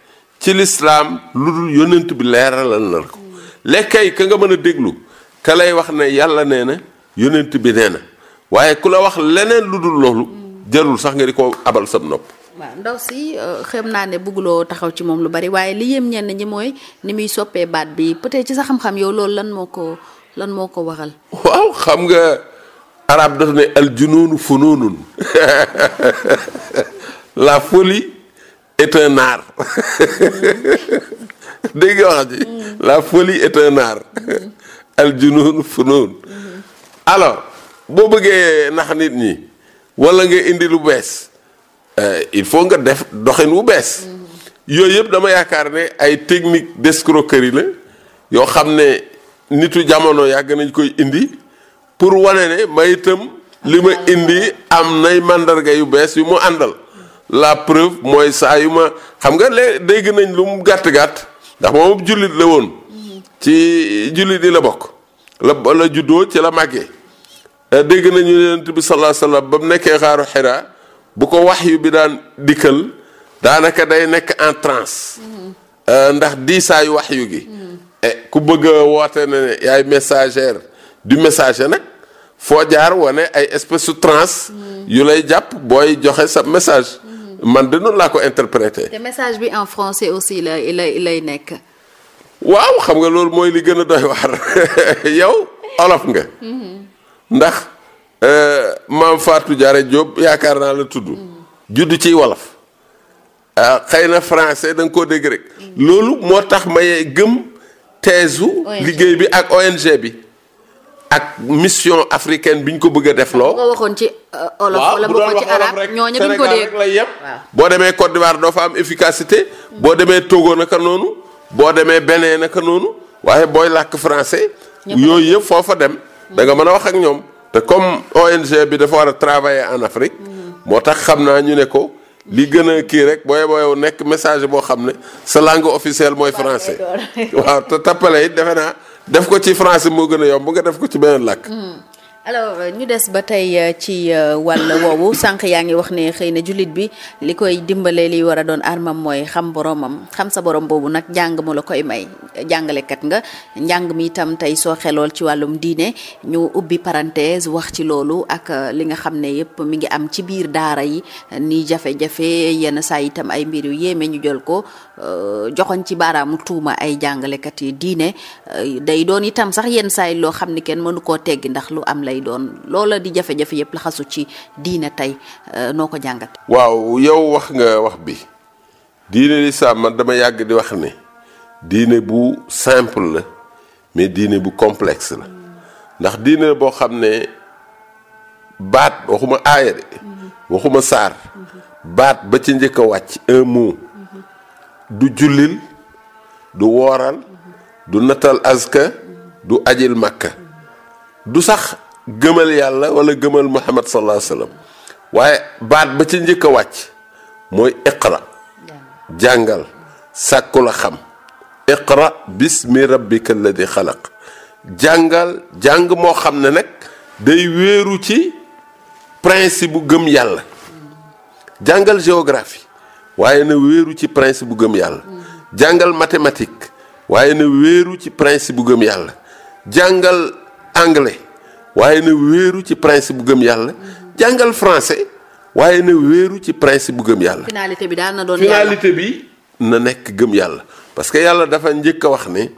ci lislaam lu dul yonent bi leeralal na ko lekkay ka nga mën a déglu ka lay wax ne yàlla nee na yonent bi nee na waaye ku la wax leneen lu dul loolu jarul sax nga di ko abal sab nopp ndaw si euh, xem naa ne bëgguloo taxaw ci moom lu bari waaye li yéem ñenn ñi mooy ni muy soppee baat bi peut ci sa xam-xam yow loolu lan moo ko lan moo ko waral waaw xam nga arab daf ne al junoonu funoonun la est un art dégg wax ji la folie est un art al boo bëggee nax nit ñi wala nga indi lu bees euh, il faut nga def doxin wu bees yooyu yëpp dama yaakaar ne ay technique d'escroquerie la yoo xam ne nitu jamono yàgg nañ koy indi pour wane ne may itam li ma indi am nay màndarga yu bees yu mu àndal la preuve mooy saa yu ma xam nga léegi dégg nañ lu mu gàtt gàtt ndax moom jullit la woon ci jullit di la bokk la la juddoo ci la màggee euh, dégg nañu yonent bi sallallahu ba mu nekkee xaaru xiraa bu ko wax yu bi daan dikkal daanaka day nekk en transe euh, ndax diisaayu wax yu gi ku bëgg a woote na ne yaay messager du messager nag foo jaar wane ay espèce su transe yu lay jàpp booy joxe sa message man de noonu laa ko interprété. te message bi en français aussi la lay lay nekk. waaw xam nga loolu mooy li gën a doy waar yow olof nga. Mhm. ndax euh, maam Fatou Diarra Diop yaakaar naa la tudd. Mhm. judd ci wolof. ah xëy na français da nga koo dégg rek. Mhm. loolu moo tax may gëm teesu liggéey bi ak ONG bi. ak mission africaine bi ñu ko bëgg a def loo. nga waxoon ci euh, olof wala waxoon ci boo demee Côte d'Ivoire doo fa am efficacité. Mm. boo demee Togo naka noonu. boo demee Benin naka noonu. waaye booy làkk français. yooyu yëpp foofa dem. danga mën a wax ak ñoom. te comme ONG bi dafa war a travailler en Afrique. Mm. moo tax xam naa ñu ne ko. li gën a kii rek booy booyow nekk message boo xam ne sa langue officielle mooy français. waaw te tappale it defe naa. def ko ci français moo gën a yomb nga def ko ci beneen làkk hmm. alors euh, ñu des ba tey euh, ci euh, wàll woowu sànq yaa ngi wax ne xëy na jullit bi li koy dimbalee li war a doon armam mooy xam boromam xam sa borom boobu nag njàng la koy may jàngalekat nga njàng mi itam tey soo xelool ci wàllum diine ñu ubbi parenthèse wax ci loolu ak li nga xam ne yëpp mu ngi am ci biir daara yi ni jafe-jafe yenn saa itam ay mbir yu yéeme ñu jël ko joxoñ ci baaraamu tuuma ay jàngalekat yi diine day doon itam sax yenn saa yi loo xam ni kenn mënu koo teggi ndax lu am lay lay doon loola di jafe-jafe yëpp la ci diine tey euh, noo ko jàngat waaw yow wax nga wax bi diine lislaam man dama yàgg di wax ne diine bu simple la mais diine bu complex la ndax diine boo xam ne baat waxuma aaya de waxuma saar baat ba ci njëkk a wàcc un du jullil du wooral du natal aska du ajil makka du sax gëmal yàlla wala gëmal muhammad sallallahu waaye baat ba ci njëkk a wàcc mooy iqra jàngal sàkku la xam iqra bismi rabbika alladi xalaq jàngal jàng moo xam ne nag day wéeru ci principe bu gëm yàlla jàngal géographie waaye na wéeru ci principe bu gëm yàlla jàngal mathématique waaye na wéeru ci principe bu gëm yàlla jàngal anglais waaye na wéeru ci principe bu gëm yàlla jàngal français waaye na wéeru ci principe bu gëm yàlla. finalité bi na doon finalité bi na nekk gëm yàlla parce que yàlla dafa njëkk a wax ne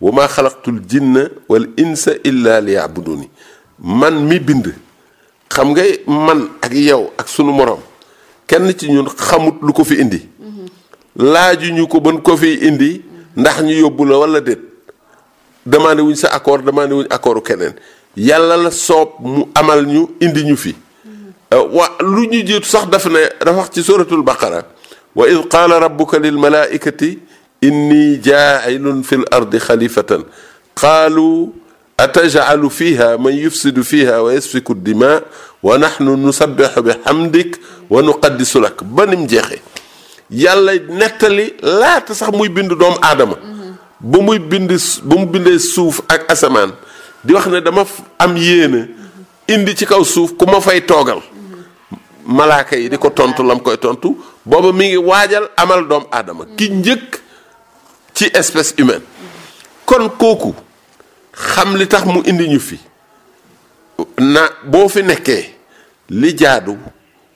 bu maa xalaqtul jinna wal insa illa liyabuduni man mi bind xam nga man ak yow ak sunu moroom kenn ci ñun xamut lu ko fi indi laaju ñu ko ban ko fi indi ndax ñu yóbbu la wala déet demandé wuñ sa accord demandé wuñ accordu keneen yàlla la soob mu amal ñu indi ñu fi mm-hmm. euh, wa lu ñu jiitu sax daf ne dafa ci suratul baqara wa id qaala rabbuka lil malaikati inni jaacilun fi l ardi xalifatan qaalu atajacalu fiha man yufsidu fiha wa yasfiku dima wa naxnu nusabixu bi xamdik wa nim jeexee yàlla nettali laata sax muy bind doomu aadama mm-hmm. ba muy bind ba mu bindee suuf ak asamaan di wax ne dama am yéene indi ci kaw suuf ku ma fay toogal malaaka yi di ko tontu lam koy tontu booba mi ngi waajal amal doom aadama ki njëkk ci espèce humaine kon kooku xam li tax mu indi ñu fi na boo fi nekkee li jaadu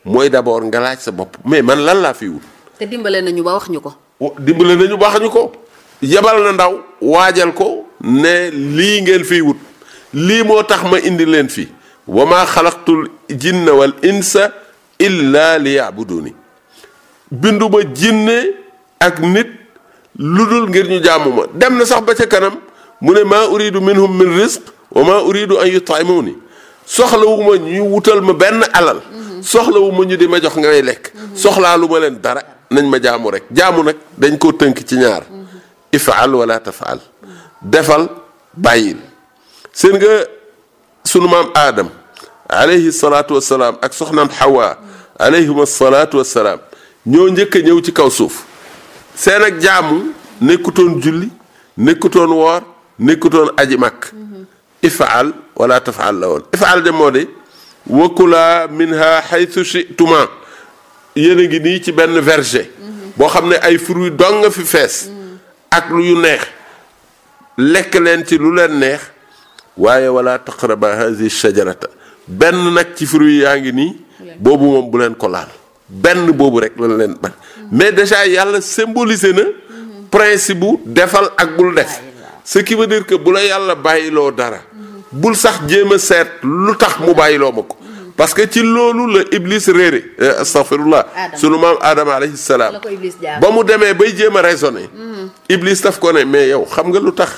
mooy d'abord nga laaj sa bopp mais man lan laa fi wut. te dimbale nañu ba wax ñu ko. dimbale nañu ba wax ñu ko. yebal na ndaw waajal ko ne lii ngeen fiy wut. lii moo tax ma indi leen fii wa maa xalaqtul jinna wal insa illa li yaabuduni binduma jinne ak nit lu dul ngir ñu jaamu dem na sax ba ca kanam mu ne maa uridu minhum min rizq wa maa uridu an yut'imuni soxlawu ma ñu wutal ma benn alal soxlawu ñu di ma jox nga may lekk soxlaa lu leen dara nañ ma jàmmu rek jàmmu nag dañ koo tënk ci ñaar ifaal wala tafaal defal bàyyil seen nga sunu maam aadam alayhi salaatu wassalaam ak soxnaam xawaa alayhima salaatu wassalaam ñoo njëkk a ñëw ci kaw suuf seen ak jaamu nekkutoon julli nekkutoon woor nekkutoon aji makk ifaal wala tafaal la woon ifaal de de wakkulaa minha haythu shituma yéen a ngi nii ci benn verger boo xam ne ay fruits dong fi fees ak lu neex lekk leen ci lu leen neex waaye wala taqraba hazi shajarata benn nag ci fruit yaa ngi nii boobu moom bu leen ko laal benn boobu rek lan leen ban mais déjà yàlla symbolisé na principe bu defal ak bul def ce qui veut bu la yàlla bàyyiloo dara bul sax jéem a seet lu tax mu bàyyiloo ma ko parce que ci loolu la iblis réere euh, astaghfirullah sunu maam aadama alayhi salaam ba mu demee bay jéem a raisonner iblis daf ko ne mais yow xam nga lu tax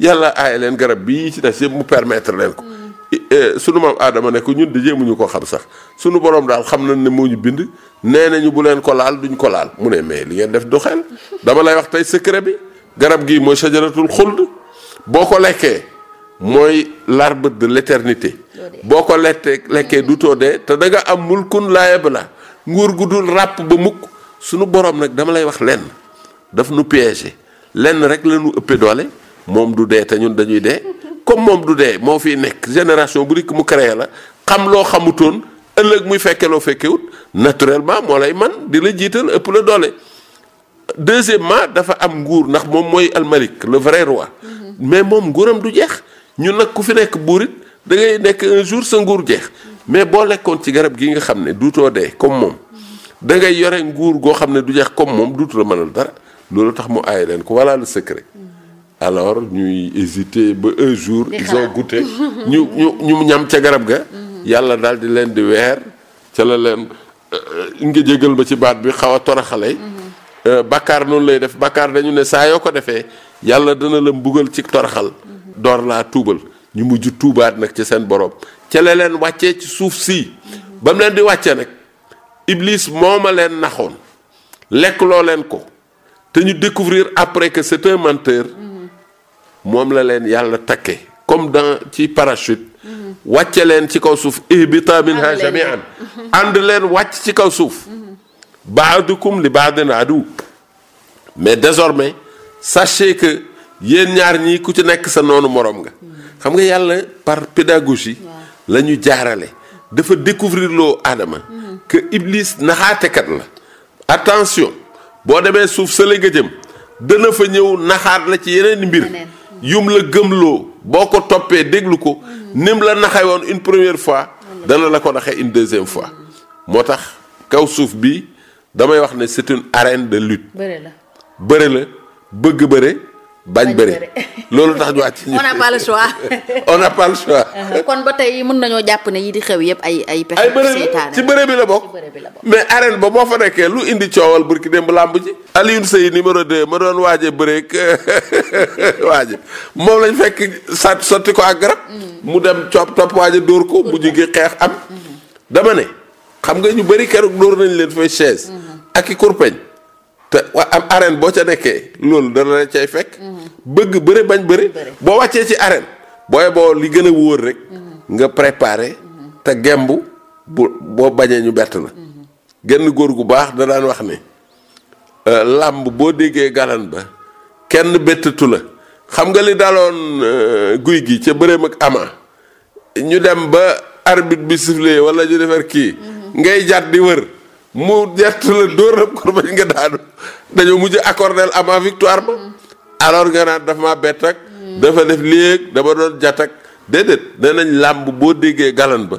yàlla aaye leen garab bii ci des yëpp mu permettre leen ko eh, sunu maam aadama ne ko ñun de jéemuñu ko xam sax sunu borom daal xam nañ ne moo ñu bind nee nañu bu leen ko laal duñ ko laal mu ne mais li ngeen def du xel dama lay wax tey secret bi garab gii mooy sajaratul xul boo ko lekkee mooy l'arbre de l'éternité boo ko lekkee lekkee du too dee te da nga am mulkun laayab la nguur gu dul ràpp ba mukk sunu borom nag dama lay wax lenn daf nu piégé lenn rek la nu ëppee doole moom du dee te ñun dañuy dee comme moom du dee moo fiy nekk génération bu nekk mu créé la xam loo xamutoon ëllëg muy fekke loo fekkewut naturellement moo lay man di la jiital ëpp la doole. deuxièmement dafa am nguur ndax moom mooy almalik le vrai roi mhm. mais moom nguuram du jeex ñun nag ku fi nekk buurit da ngay nekk un jour sa nguur jeex mais boo lekkoon ci garab gii nga xam ne duutoo dee comme moom mhm. da ngay yore nguur goo xam ne du jeex comme moom duutu la mënal dara loolu tax mu aaye leen ko voilà le alors ñuy hésité ba un jour ils ont goûté ñu ñu ñam ca garab ga mhm. yàlla daal di leen di weer ca la leen euh, nga jégal ba ci baat bi xaw a toraxale mhm. euh, bàkkaar noonu lay def bàkkaar dañu ne saa yoo ko defee yàlla dana la mbugal ci toraxal mhm. door laa tuubal ñu mujj tuubaat nag ci seen borom ca la leen wàccee ci suuf si ba mu leen di wàccee nag moom a leen naxoon lekk loo leen ko te ñu découvrir après que c'est un menteur moom la leen yàlla takke comme dans ci parachute wàcce leen ci kaw suuf ihbita minha jamian ànd leen wàcc ci kaw suuf baadukum li baadin adu mais désormais sachez que yéen ñaar ñii ku ci nekk sa noonu moroom nga xam nga yàlla par pédagogie la ñu jaarale dafa découvrir loo aadama que iblis naxaatekat la attention boo demee suuf sa la nga jëm dana fa ñëw naxaat la ci yeneen mbir yum la gëmloo boo ko toppee déglu ko nim la naxee woon une première fois dana la ko naxee une deuxième fois moo tax kaw suuf bi damay wax ne c'est une arène de lutte bëre la bëgg bëre bañ bëre loolu tax ñu wàcc. on n'a pas le choix. Uh-huh. kon ba tey mën nañoo jàpp ni yi di xew yëpp ay ay. pexe seytaane ci bëre bi la bokk mais arène ba moo fa nekkee lu indi coowal burki démb làmb ji. Alioune Seye numéro de ma doon waaje bëreeg waaje moom lañ fekk sa sotti ko ak garab. Mm. mu dem copp topp waaje dóor ko bu jigi xeex am. Mm-hmm. dama ne xam nga ñu bëri keroog dóor nañ leen fay chaise. Mm-hmm. ak i kurpeñ te wa am arène boo ca nekkee loolu dana la cay fekk. Mm. bëgg bëre bañ bëre boo wàccee ci arène booy boo li gën a wóor rek mm-hmm. nga préparé te gemb bu boo bañee ñu bett la mm-hmm. genn góor gu baax da daan wax ne euh, làmb boo déggee galan ba kenn bettatu la xam nga li daloon euh, guy gi ca bëreem mag ama ñu dem ba arbitre bi sifflé wala ñu kii mm-hmm. ngay jàdd di wër mu jett la dóor ab korbañ nga daanu dañoo mujj accordel ama victoire ba alors nga naan dafa ma bett ak dafa def léeg dama doon jat ak déedéet danañ làmb boo déggee galan ba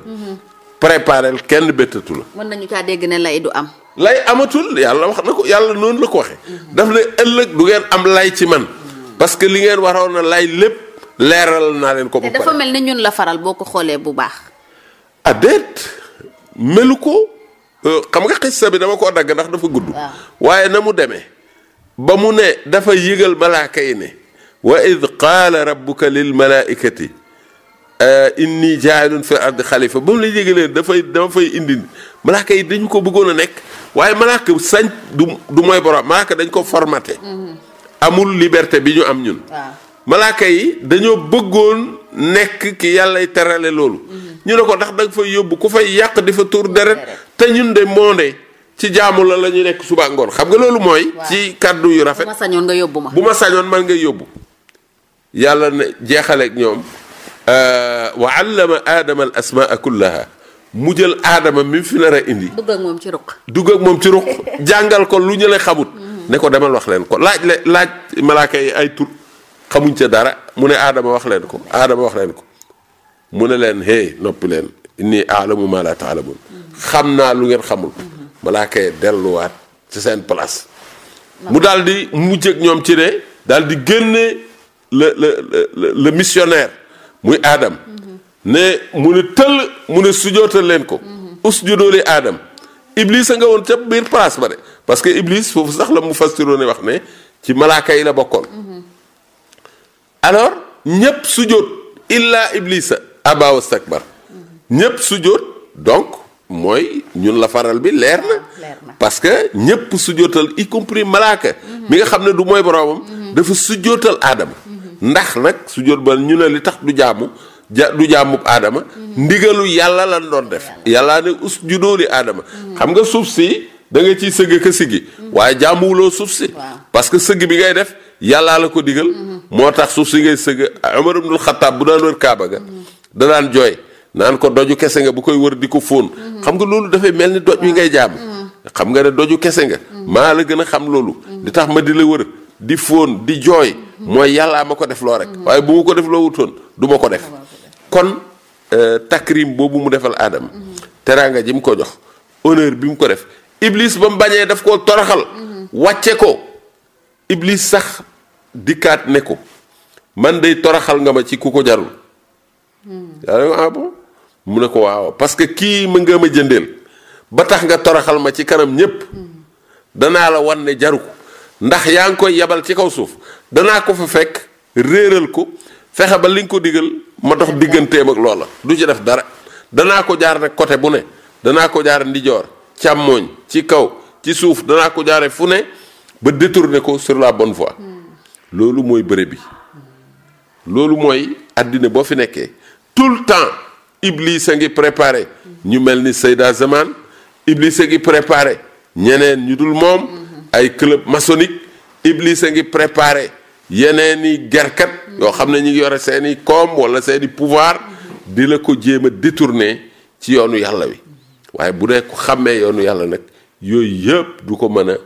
préparel kenn bettatu la mën nañu caa dégg ne lay du am lay amatul yàlla wax na ko yàlla noonu la ko waxee daf ne ëllëg du ngeen am lay ci man parce que li ngeen waroon lay lépp leeral naa leen ko ba pare dafa mel ni ñun la faral boo ko xoolee bu baax ah déet melu ko euh, xam nga xis sa bi dama ko dagg ndax dafa gudd waaye na mu demee ba mu ne dafa yëgal malaaka yi ne wa id qaala rabbuka lil malaikati inni jaayilun fi ard xalifa ba mu la yëgalee dafay dafay indi malaaka yi dañu ko bëggoon a nekk waaye malaaka sañ du du mooy borom malaaka dañ ko formate mm-hmm. amul liberté bi ñu am ñun malaaka yi dañoo bëggoon nekk ki yàllay terale loolu mm-hmm. ñu ne ko ndax da nga fay yóbbu ku fay yàq di fa tuur deret te ñun de moondee ci jaamu la la ñu nekk suba ngoon xam nga loolu mooy. ci kàddu yu rafet. bu ma sañoon nga bu ma sañoon man nga yóbbu. yàlla ne jeexaleeg ñoom. Euh, wa allama aadama al asmaa kullaha mu jël aadama mi fi a indi. dugg moom ci ruq. dugg moom ci jàngal ko lu ñu la mm-hmm. ne ko demal wax leen ko laaj le laaj malaaka yi ay tur xamuñ ca dara mu ne aadama wax leen ko aadama wax leen ko mu ne leen hey noppi leen inni aalamu ma la taalamun mm-hmm. xam naa lu ngeen xamul. Mm-hmm. balaa kay delluwaat ci seen place. mu daal di mujjëg ñoom ci ne daal di génne le le le missionnaire muy aadam mm-hmm. ne mu ne tëll mu ne sujootal leen ko mm-hmm. usjudoo li aadam iblis nga woon ca biir place ba de parce que iblis foofu sax la mu fastiroo ne wax ne ci malaaka yi la bokkoon mm-hmm. alors ñépp sujoot illa iblisa aba wastakbar ñépp sujoot donc mooy ñun la faral bi leer na parce que ñëpp sujjootal y compris malaaka mhm. mi nga xam ne du mooy boroomam mhm. dafa sujjootal aadama mhm. ndax nag sujjoot ba ñu ne li tax du jàmm ja du jaamub aadama ndigalu yàlla lan doon def yàllaa ne us juddoo aadama xam nga suuf si da nga ciy sëgg ka siggi waaye jaamuwuloo suuf si parce que sëgg bi ngay def yàllaa la ko digal moo tax suuf si ngay sëgg Umar ibnul Xattaab bu daan wër Kaaba ga da daan jooy naan ko doju kese nga bu koy wër di ko fóon xam nga loolu dafay mel ni doj wi ngay jaam xam nga ne doju kese nga maa la gën a xam loolu di tax ma di la wër di fóon di jooy mooy yàllaa ma ko def loo rek waaye bu ma ko def loo wutoon du ma ko def kon euh, takrim boobu mu defal aadama teraanga ji mu ko jox honneur bi mu ko def iblis ba mu bañee daf koo toroxal wàcce ko iblis sax dikkaat ne ko man dey toroxal nga ma ci ku ko jarul hmm. yaa mu ne ko waaw parce que kii ma nga ma jëndeel ba tax nga toroxal ma ci kanam ñépp danaa la wan ne jaru ko ndax yaa ngi koy yebal ci kaw suuf danaa ko fa fekk réeral ko fexe ba li nga ko digal ma dox digganteem ak loola du ci def dara danaa ko jaar nag côté bu ne danaa ko jaar ndijoor càmmooñ ci kaw ci suuf danaa ko jaare fu ne ba détourner ko sur la bonne voie loolu mooy bëre bi loolu mooy àddina boo fi nekkee tout le temps Iblis a ngi préparé ñu mel ni Seyda Zaman Iblis a ngi préparé ñeneen ñu dul moom ay club maçonnique Iblis a ngi préparé yeneen i gerkat yoo xam ne ñu ngi yore seen i koom wala seen i pouvoir di la ko jéem a détourner ci yoonu yàlla wi waaye bu dee ko xàmmee yoonu yàlla nag yooyu yëpp du ko mën a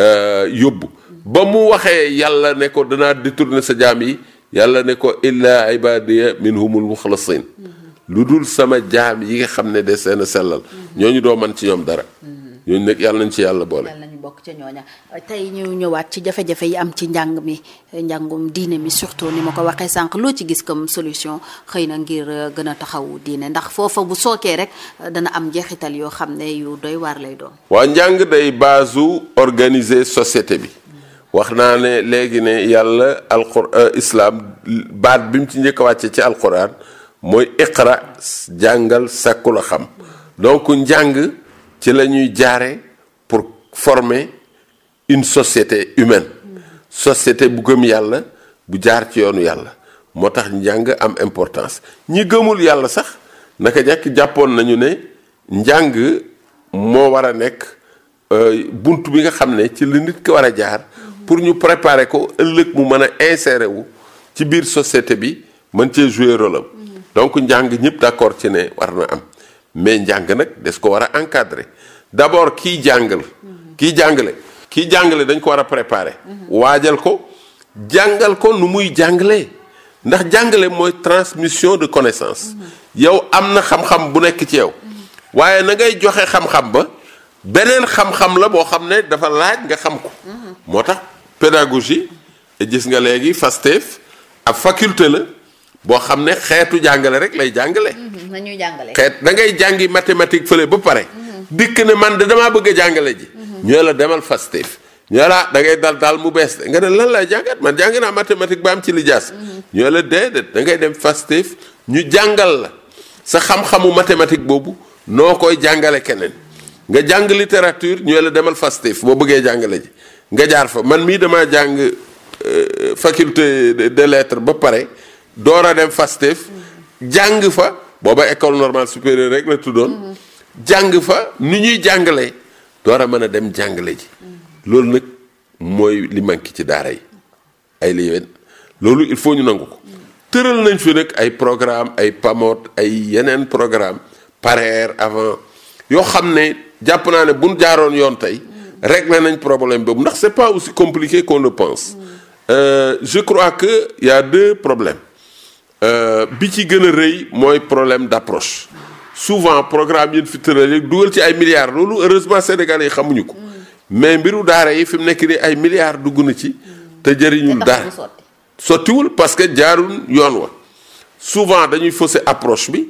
euh, yóbbu ba mu waxee yàlla ne ko danaa détourner sa jaam yi yàlla ne ko illa ibadiya minhumul muxlasin lu dul sama jaam yi nga xam ne de seen sellal ñooñu doo man ci ñoom dara ñooñu nag yàlla nañ ci yàlla boole yàlla nañu bokk ca ñooña tey ñu ñëwaat ci jafe-jafe yi am ci njàng mi njàngum diine mi surtout ni ma ko waxee sànq loo ci gis comme solution xëy na ngir euh, gën a taxawu diine ndax foofa bu sookee rek euh, dana am jeexital yoo xam ne yu doy waar lay doon waa njàng day baasu organise société bi wax naa ne léegi ne yàlla alqur euh, islam baat bi mu ci njëkk wàcce ci alquran mooy iqra jàngal sàkkul a xam donc njàng ci la ñuy jaare pour former une société humaine société bu gëm yàlla bu jaar ci yoonu yàlla moo tax njàng am importance ñi gëmul yàlla sax naka jàkk jàppoon nañu ne njàng moo war a nekk euh, bunt bi nga xam ne ci li nit ki war a jaar pour ñu préparer ko ëllëg mu mën a insérer wu ci biir société bi mën cee jouer donc njàng ñëpp d'accord ci ne war na am mais njàng nag des ko war a encadrer d'abord kii jàngal. kii jàngale. kii jàngale dañ ko war a préparer. waajal ko jàngal ko nu muy jàngalee ndax jàngale mooy transmission de connaissance. yow am na xam-xam bu nekk ci yow. waaye na ngay joxe xam-xam ba beneen xam-xam la boo xam ne dafa laaj nga xam ko. moo tax pédagogie gis nga léegi FASTEF ab faculté la. boo xam ne xeetu jàngale rek lay jàngale. Mhm, na ñuy xeet da ngay jàngi mathématique fële ba pare. Mhm. dikk ne man de damaa bëgg jàngale ji. Mhm. ñoo la demal Pastef ñoo la ah, da ngay dal daal mu bees nga ne lan lay jàngat man jàng naa mathématique ba am ci li jaas. ñoo da ngay dem Pastef ñu jàngal la sa xam-xamu mathématique boobu noo koy jàngale keneen nga jàng littérature ñoo la demal Pastef boo bëggee jàngale ji nga jaar fa man mii damaa jàng euh, faculté de lettres ba pare. door a dem Fastef jàng fa booba école normale supérieure rek la tuddoon jàng fa ni ñuy jàngale door a mën a dem jàngale ji loolu nag mooy li manqué ci daara yi ay li yéen loolu il faut ñu nangu ko tëral nañ fi nag ay programme ay PAMOD ay yeneen programme pareer avant yoo xam ne jàpp naa ne buñ jaaroon yoon tey réglé nañ problème boobu ndax c'est pas aussi compliqué qu'on le pense euh, je crois que ya a deux problèmes Euh, bi ci gën a rëy mooy problème d'approche souvent programme yi fi tëral yi dugal ci ay milliards loolu heureusement sénégalais yi xamuñu ko mais mbiru daara yi fi mu nekk nii ay milliards dugg na ci te jëriñul daara sottiwul parce que jaarul yoon wa souvent dañuy fausser approche bi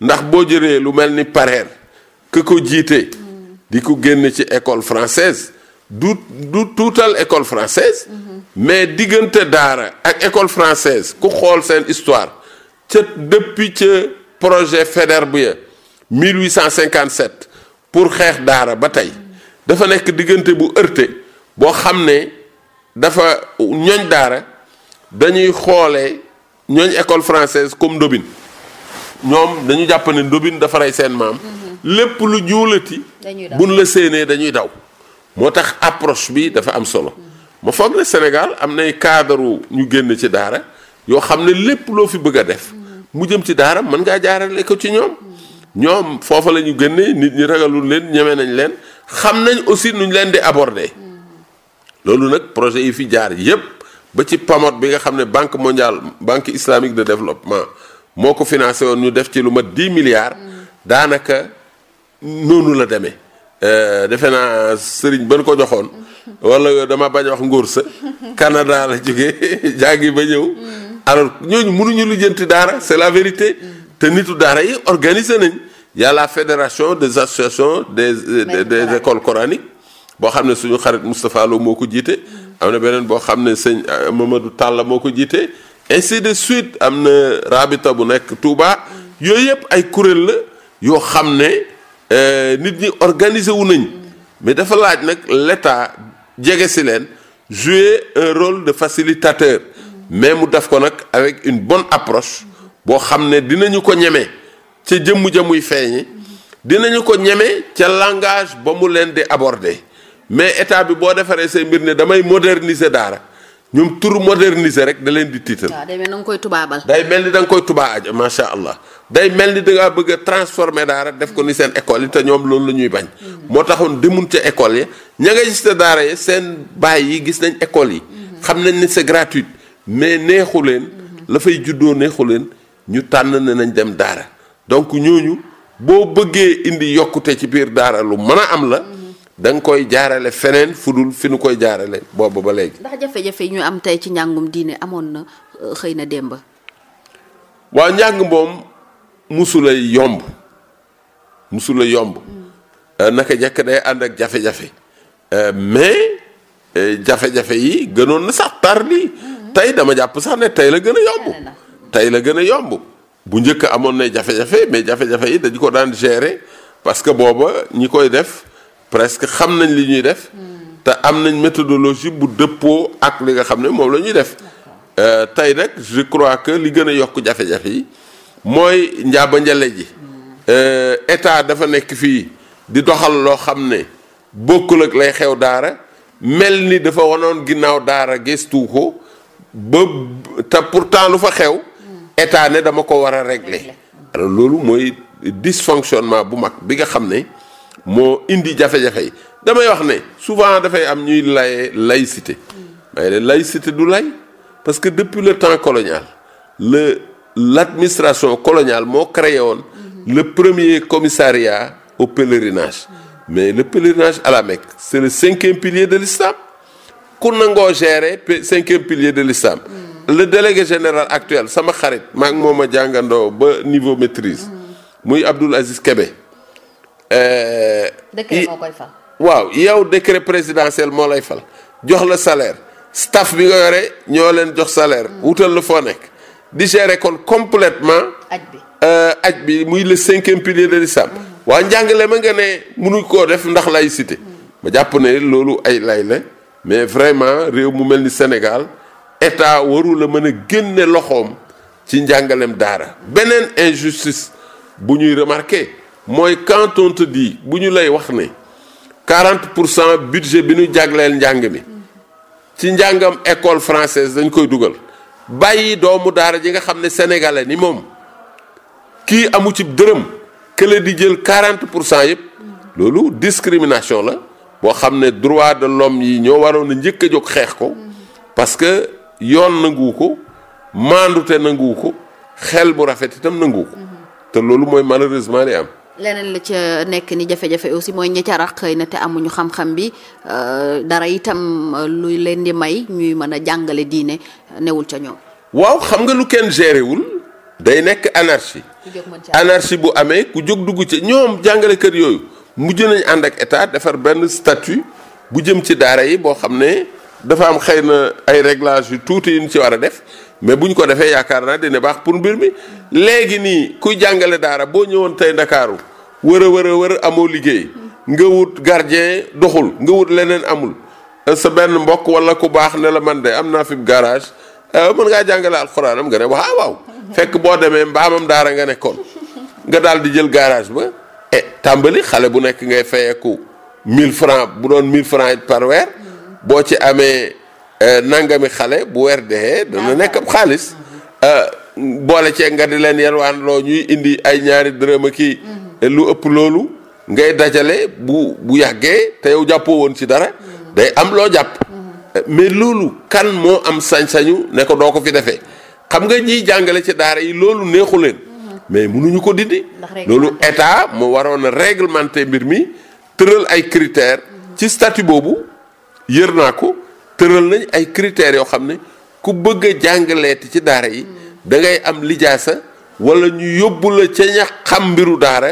ndax boo jëlee lu mel ni pareer ki ko jiite di ko génn ci école française du du tuutal école française mais diggante daara ak école française ku xool seen histoire ca depuis ca projet Faidherbe ya 1857 pour xeex daara ba tey dafa nekk diggante bu heurté boo xam ne dafa ñooñ daara dañuy xoole ñooñ école française comme ndobin ñoom dañu jàpp ne ndobin dafa rey seen maam mm-hmm. lépp lu juulati buñ la séenee dañuy daw moo tax approche bi dafa am solo ma foog ne Sénégal am nay cadre ñu génn ci daara yoo xam ne lépp loo fi bëgg a def mu jëm ci daara mën ngaa jaarale ko ci ñoom ñoom foofa la ñu génnee nit ñi ragalul leen ñeme nañ leen xam nañ aussi nuñ leen di aborder loolu nag projet yi fi jaar yépp ba ci PAMOD bi nga xam ne banque mondiale banque islamique de développement moo ko financé woon ñu def ci lu mat dix milliards daanaka noonu la demee. Eh, defe naa sëriñ ban ko joxoon wala yooyu dama bañ a wax ngóor sa Canada la jóge jàngi ba ñëw mm. alors ñooñu mënuñu lijjanti daara c'est la vérité mm. te nitu daara yi organiser nañ y la fédération des associations des euh, des écoles coraniques boo xam ne suñu xarit Moustapha Lo moo ko jiite mm. am na beneen boo xam ne sëñ euh, Mamadou Talla moo ko jiite ainsi de suite am na rabita bu nekk Touba yooyu yëpp ay kuréel la yoo xam ne Euh, nit ñi organiser wu nañ mais dafa laaj nag l'état jege si leen jouer un rôle de facilitateur mais mu def ko nag avec une bonne approche boo xam ne dinañu ko ñeme ca jëmm ja muy feeñi dinañu ko ñeme ca langage ba mu leen di aborde mais état bi boo defaree say mbir ne damay moderniser daara ñoom tour moderniser rek da leen di tiital. day mel ni da nga koy tubaabal. day mel ni da nga koy tubaaj macha allah. day mel ni da ngaa bëgg a transformer daara def ko ni seen école yi te ñoom loolu la ñuy bañ. moo taxoon demun ca école yi ña nga gis te daara yi seen baay yi gis nañ école yi. xam nañ ni c'est gratuit mais neexu leen. la fay juddoo neexu leen ñu tànn ne nañ dem daara donc ñooñu boo bëggee indi yokkute ci biir daara lu mën a am la. danga koy jaarale feneen fu dul fi nu koy jaarale boobu ba léegi. ndax jafe-jafe yi ñu am tey ci njàngum diine amoon na xëy na démb. waaw njàng moom. musula yomb musula yomb euh, naka njëkk day ànd ak jafe-jafe euh, mais euh, jafe-jafe yi gënoon na sax tar lii tey dama jàpp sax ne tey la gën a yomb tey la gën a yomb bu njëkk amoon na jafe-jafe mais jafe-jafe yi dañu ko daan gérer parce que booba ñi koy def presque xam nañ li ñuy def hmm. te am nañ méthodologie bu dëppoo ak li nga xam ne moom la ñuy def tey nag je crois que li gën a yokk jafe-jafe yi mooy njaaba njale ji euh, état dafa nekk fii di doxal loo xam ne bokkul lay xew daara mel ni dafa wanoon ginnaaw daara gëstu ko ba te pourtant lu fa xew état ne dama ko war a régler alors loolu mooy dysfonctionnement bu mag bi nga xam ne moo indi jafe-jafe yi damay wax ne souvent dafay am ñuy laye laïcité mm. may ne laïcité du lay parce que depuis le temps colonial l'administration coloniale moo créé woon premier commissariat au pèlerinage mais le pèlerinage à la Mecque c'est le cinquième pilier de l'islam ku nangoo gérer cinquième pilier de l'islam le délégué général actuelle sama xarit maa ngi moom a jàngandoo ba niveau maîtrise muy Abdoul Aziz Kébé euh, décret waaw yow décret présidentiel moo lay fal jox la salaire staff bi nga yore ñoo leen jox salaire wutal la foo nekk di gérer kon complètement aj bi euh, bi muy le cinquième pilier de l'islam mhm. waa njàngale ma nga ne mënuñ koo def ndax laïcité mhm. ma jàpp ne loolu ay lay la mais vraiment réew mu mel ni Sénégal état warul a mën a génne loxoom ci njàngalem daara beneen injustice bu ñuy remarqué mooy quand di bu ñu lay wax ne pour cent budget bi ñu jagleel njàng mi ci njàngam école française dañ koy dugal bàyyi doomu daara ji nga xam ne sénégalais ni moom kii amu ci dërëm kële di jël 40 pour cent yëpp loolu discrimination la boo xam ne droit de l'homme yi ñoo waroon a njëkk a jóg xeex ko parce que yoon nangu ko maandute nanguwu ko xel bu rafet itam nanguwu ko te loolu mooy malheureusement li am. leneen la ca nekk ni jafe-jafe aussi mooy ñi ca rax xëy na te amuñu xam-xam bi euh, dara itam euh, luy leen di may ñuy mën a jàngale diine newul ca ñoom. waaw xam nga lu kenn géréwul day nekk anarchie. anarchie bu amee ku jóg dugg ci ñoom jàngale kër yooyu mujj nañ ànd ak état defar benn statut bu jëm ci daara yi boo xam ne dafa am xëy na ay réglages yu tuuti yu ñu ci war a def. mais bu ñu ko defee yaakaar naa dina baax pour mbir mi léegi nii kuy jàngale daara boo ñëwoon tey ndakaaru wër a wër a wër amoo liggéey nga wut gardien doxul nga wut leneen amul sa benn mbokk wala ku baax ne la man de am naa fi garage euh, mën ngaa jàngale alxuraanam nga ne waaw fekk boo demee mbaamam daara nga nekkoon nga daal di jël garage ba e tàmbali xale bu nekk ngay fayeeku 1000 francs bu doon 1000 francs it par weer boo ci amee Euh, nangami xale bu weer dee ah, nekk ab xaalis ah, ah. Euh, boole cee nga di leen yelwaan loo ñuy indi ay ñaari dërëm a kii mm-hmm. lu ëpp loolu ngay dajale bu bu yàggee te yow jàppoo woon ci dara mm-hmm. day am loo jàpp mm-hmm. euh, mais loolu kan moo am sañ-sañu ne ko doo ko fi defee xam nga ñiy jàngale ci daara yi loolu neexu leen mais munuñu ko dindi loolu état moo waroon a mbir mi tëral ay critères ci statut boobu yër naa ko tëral nañ ay critères yoo xam ne ku bëgg a jàngaleeti ci daara yi mm. da ngay am lijaasa wala ñu yóbbu la ca ña xam mbiru daara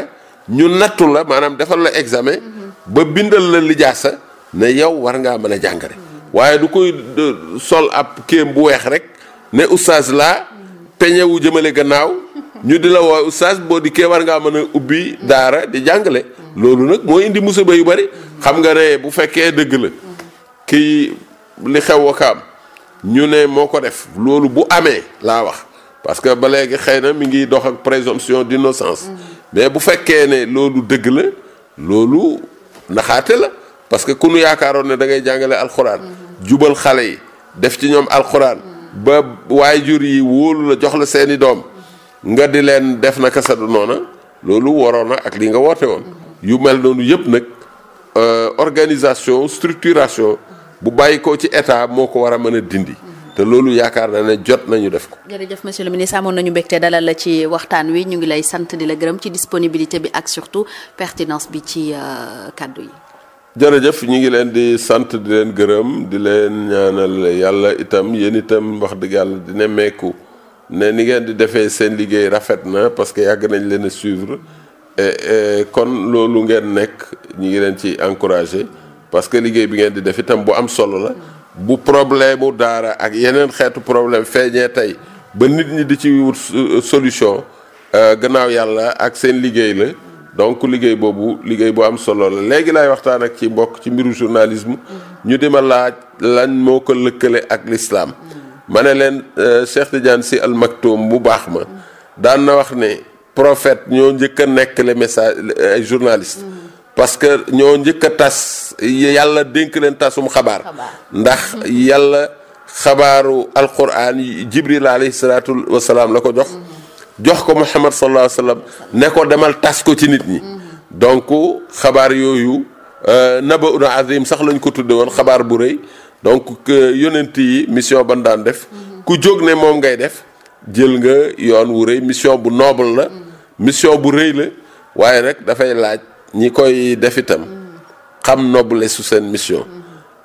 ñu nattu la maanaam defal la examen mm-hmm. ba bindal la lijaasa ne yow war ngaa mën a jàngale mm-hmm. waaye du koy sol ab kéem bu weex rek ne oustaz laa peñewu mm-hmm. jëmale gannaaw ñu di la wooy oustaz boo di kee war ngaa mën a ubbi daara di jàngale loolu nag moo indi musiba yu bari xam nga ne bu fekkee dëgg la kii li xew wakaam ñu ne moo ko def loolu bu amee laa wax parce que ba léegi xëy na mi ngi dox ak présomption d'innocence mm. mais bu fekkee ne loolu dëgg la loolu naxaate la parce que ku yaakaaroon ne da ngay jàngale alxuraan mm-hmm. jubal xale yi def ci ñoom alxuraan mm. ba waaye jur yi wóolu la jox la seeni doom mm-hmm. nga di leen def na sa du noona loolu waroon na ak li nga woote woon mm-hmm. yu mel noonu yëpp nag euh, organisation structuration bu bàyyi ko ci état moo ko war a mën a dindi. te loolu yaakaar na ne jot nañu def ko. jërëjëf monsieur le ministre amoon nañu mbégte dalal la ci waxtaan wi ñu ngi lay sant di la gërëm ci disponibilité bi ak surtout pertinence bi ci euh, kàddu yi. jërëjëf ñu ngi leen di sant di leen gërëm di leen ñaanal yàlla itam yéen itam wax dëgg yàlla di nemmeeku ne ni ngeen di defee seen liggéey rafet na parce que yàgg nañ leen a suivre kon loolu ngeen nekk ñu ngi leen ci encouragé. parce que liggéey bi ngeen di def itam bu am solo la bu problème mu daara ak yeneen xeetu problème feeñee tey ba nit ñi di ci wut euh, solution euh, gannaaw yàlla ak seen liggéey la donc liggéey boobu liggéey bu am solo la léegi laay waxtaan ak ci mbokk ci mbiru journalisme ñu di ma laaj lan moo ko lëkkale ak lislaam ma ne leen euh, Cheikh Tidiane Sy Al Maktoum mu baax ma daan na wax ne prophète ñoo njëkk a nekk les message ay journaliste parce que ñoo njëkk a tas yàlla dénk leen tasum xabaar ndax yàlla xabaaru alquran jibril alayhi salaatu wasalaam la ko jox jox ko muhammad sallallahu alayhi wasallam ne ko demal tas ko ci nit ñi donc xabaar yooyu euh, naba una azim sax lañ ko tudde woon xabaar bu rëy donc euh, yonent yi mission ban daan def ku jóg ne moom ngay def jël nga yoon wu rëy mission bu noble la mission bu rëy la waaye rek dafay laaj ñi koy def itam xam noble su seen mission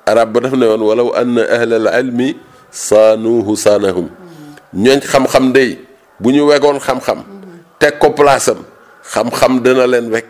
arab ba daf ne woon walaw anna ahlal mi saanuhu saanahum ñooñ xam-xam day bu ñu wegoon xam-xam teg ko place am xam-xam dana leen weg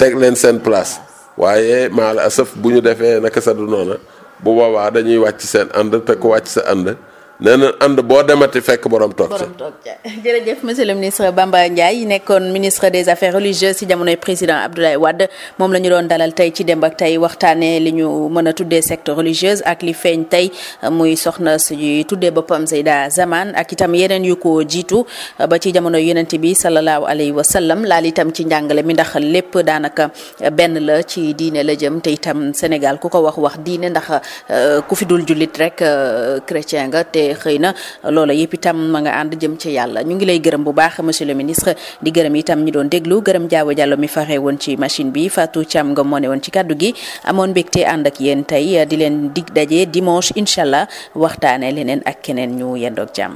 teg leen seen place waaye maala asaf bu ñu defee naka sa du noona bu boobaa dañuy wàcc seen ànd te ku wàcc sa ànd nee na boo demati fekk borom toog ca. borom toog ca le ministre Bamba Ndiaye nekkoon ministre des affaires religieuses ci jamonoy président Abdoulaye Wade moom la ñu doon dalal tey ci démb ak tey waxtaanee li ñu mën a tuddee secte religieuse ak li feeñ tey muy soxna suñuy tuddee boppam Seyda Zaman ak itam yeneen yu ko jiitu ba ci jamono yonent bi sallallahu alayhi wa sallam laal itam ci njàngale mi ndax lépp daanaka benn la ci diine la jëm te itam Sénégal ku ko wax wax diine ndax euh, ku fi dul jullit rek euh, chrétien nga waaye xëy na loola yëpp itam ma nga ànd jëm ci yàlla ñu ngi lay gërëm bu baax monsieur le ministre di gërëm itam ñi doon déglu gërëm jaawo jàllo mi faxe woon ci machine bi Fatou Thiam nga moo ne woon ci kaddu gi amoon mbégte ànd ak yéen tey di leen dig daje dimanche incha allah waxtaane leneen ak keneen ñu yendoog jàmm